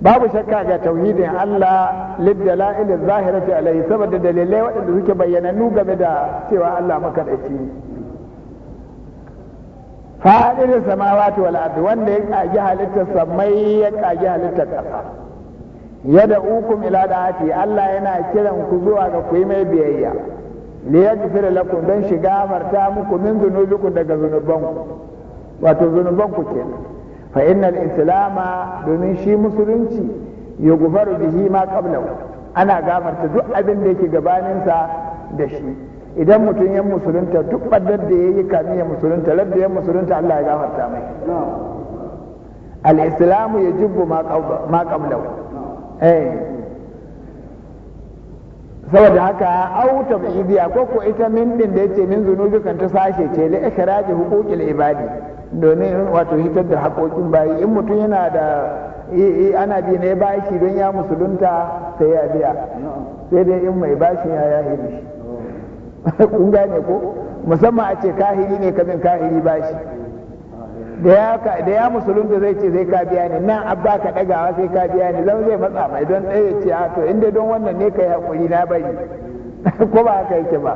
S1: babu shakka ga tauhidin Allah liddala'il zahirati alayhi saboda dalilai waɗanda suke bayyana nu game da cewa Allah makadaici fa'adin samawati wal ardi wanda ya kaji halittar samai ya kaji halittar ƙasa da ukum ila da'ati Allah yana kiran ku zuwa ga ku yi mai biyayya li yaghfira lakum dan shiga marta muku min zunubikum daga zunubanku wato zunubanku kenan fa innal islama domin shi musulunci ya gufaru bihi ma ana gafarta duk abin da yake sa da shi idan mutum ya musulunta duk ɓaddar da ya yi kami ya musulunta ladda ya musulunta Allah ya gafarta mai al-islamu ya jibbu ma eh saboda haka auta biya ko ko ita min din da yace min zunubi kan ta sashe ce li ikraji huquqil ibadi domin wato hitar da haƙoƙin bayi in mutum yana da ana bi ne bashi don ya musulunta sai ya biya sai dai in mai bashi ya ya hiri kun gane ko musamman a ce kahiri ne kamin kahiri bashi da ya ka da ya zai ce zai ka biya ni nan abba ka dagawa sai ka biya ni zan zai matsa mai don ɗaya ce a to inda don wannan ne kai hakuri na bari ko ba haka yake ba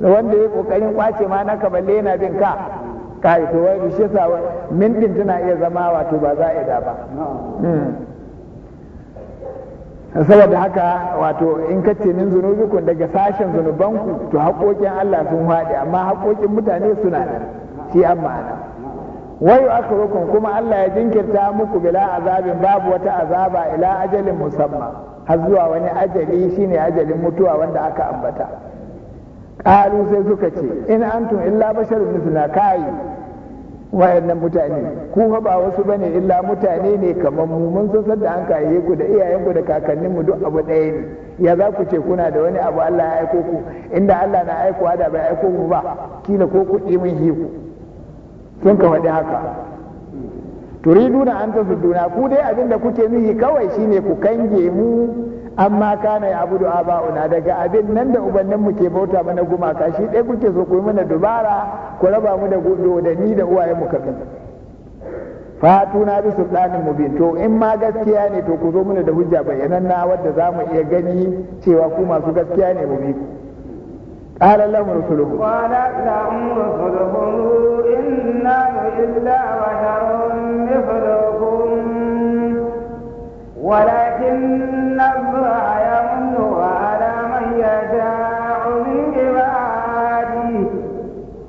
S1: wanda ya kokarin kwace ma na ka balle yana bin ka kai to wai shi yasa min din tana iya zama wato ba za a da ba hmm. saboda haka wato in ka ce min zunubikun daga sashen zunubanku to haƙoƙin Allah sun haɗe amma haƙoƙin mutane suna nan shi amma wayu akrukum kuma Allah ya jinkirta muku bila azabin babu wata azaba ila ajalin musamma har zuwa wani ajali shine ajalin mutuwa wanda aka ambata qalu sai suka ce in antum illa basharun mithluna kai wayannan mutane ku ba wasu bane illa mutane ne kamar mu mun san sadda an kayaye ku da iyayen ku da kakannin mu duk abu ɗaya ne ya za ku ce kuna da wani abu Allah ya aiko ku inda Allah na aikowa da bai aiko ku ba kila ko kuɗi mun hiku sun ka faɗi haka turiduna an ta duna ku dai abin da kuke nuhi kawai shine ku kange mu amma kana ya abudu aba'una daga abin nan da ubannin mu ke bauta mana gumaka shi ɗaya kuke so ku yi mana dubara ku raba mu da gudu da ni da uwaye mu kabi fatuna bi sultanin mubin to in ma gaskiya ne to ku zo mana da hujja na wadda za mu iya gani cewa ku masu gaskiya ne mu bi قال لهم رسلهم
S2: قال لهم رسلهم إنا إلا بشر مثلكم ولكن الله يمن على من يشاء من عباده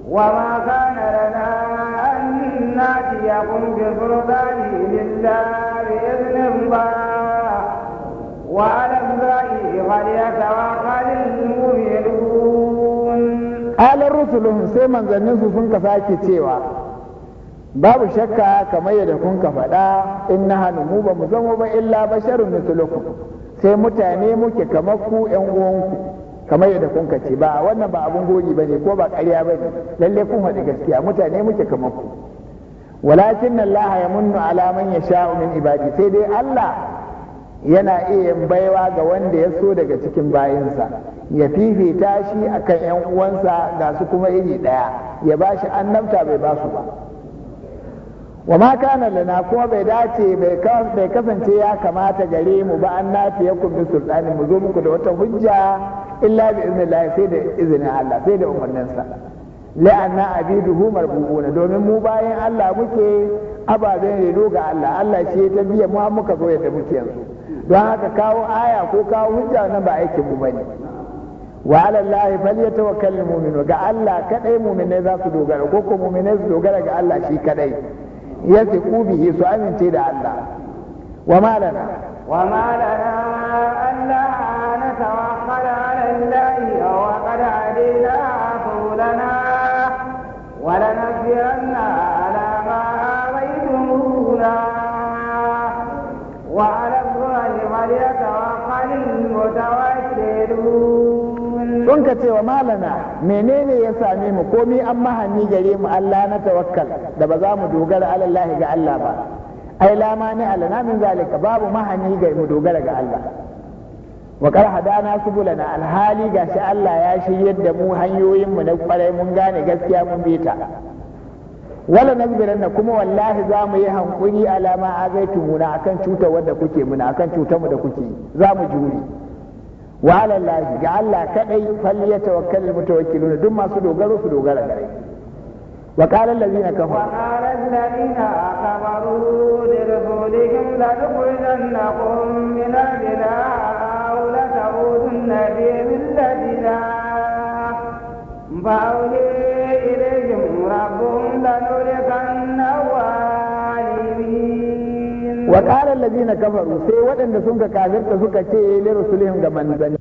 S2: وما كان لنا أن نأتيكم بسلطان إلا بإذن الله وعلى الله فليتوكل
S1: alar rusulun sai manzanninsu sun ka sake cewa babu shakka kamar yadda kun ka faɗa in na hannu mu ba mu zama ba illa ba sharin mislukum sai mutane muke kamar ku ƴan uwanku kamar yadda kun ka ce ba wannan ba abun ba ne ko ba ƙarya bane lalle kun faɗi gaskiya mutane muke kamar ku walakin laha ya munnu alaman ya sha'u min ibadi sai dai Allah yana iya yin baiwa ga wanda ya so daga cikin bayinsa ya fifita shi a kan yan uwansa ga su kuma iri ɗaya ya ba shi annabta bai ba su ba wa ma kana lana kuma bai dace bai kasance ya kamata gare mu ba an nafi ya kumbi sultani mu zo muku da wata hujja illa bi iznillah sai da izinin Allah sai da umarninsa la'anna abiduhu marbuuna domin mu bayan Allah muke ababen rido ga Allah Allah shi ya biya mu muka zo yadda muke yanzu don haka kawo aya ko kawo hujja nan ba aikin mu bane wa ala Allah falyatawakkalul mu'minu ga Allah kadai mu'minai za su dogara ko ko mu'minai su dogara ga Allah shi kadai yace qubihi su amince da Allah wa malana
S2: wa malana Allah نتوكل على الله وقد علينا رسولنا ولنسيرن
S1: sun ka cewa malana menene ya same mu komi an mahani gare mu Allah na tawakkal da ba za mu dogara alallahi ga Allah ba ai lama ne alana min zalika babu mahani ga mu dogara ga Allah wa kar hadana subulana alhali gashi Allah ya shiryar da mu hanyoyin mu na kwarai mun gane gaskiya mun bi ta wala da kuma wallahi za mu yi hankuri alama azaitumuna akan cutar wanda kuke muna akan cutar mu da kuke za mu juri wa alallahi ga Allah kadai falyatawakkal mutawakkilun duk masu dogaro su dogara gare wa qala allazina kafaru wa
S2: qala allazina kafaru lirsulihim la tukhrijannakum min al-dina aw la ta'udunna fi millatina fa'awli
S1: wa qala na kafaru sai waɗanda sun ka kafirta suka ce li rusulihim ga manzanni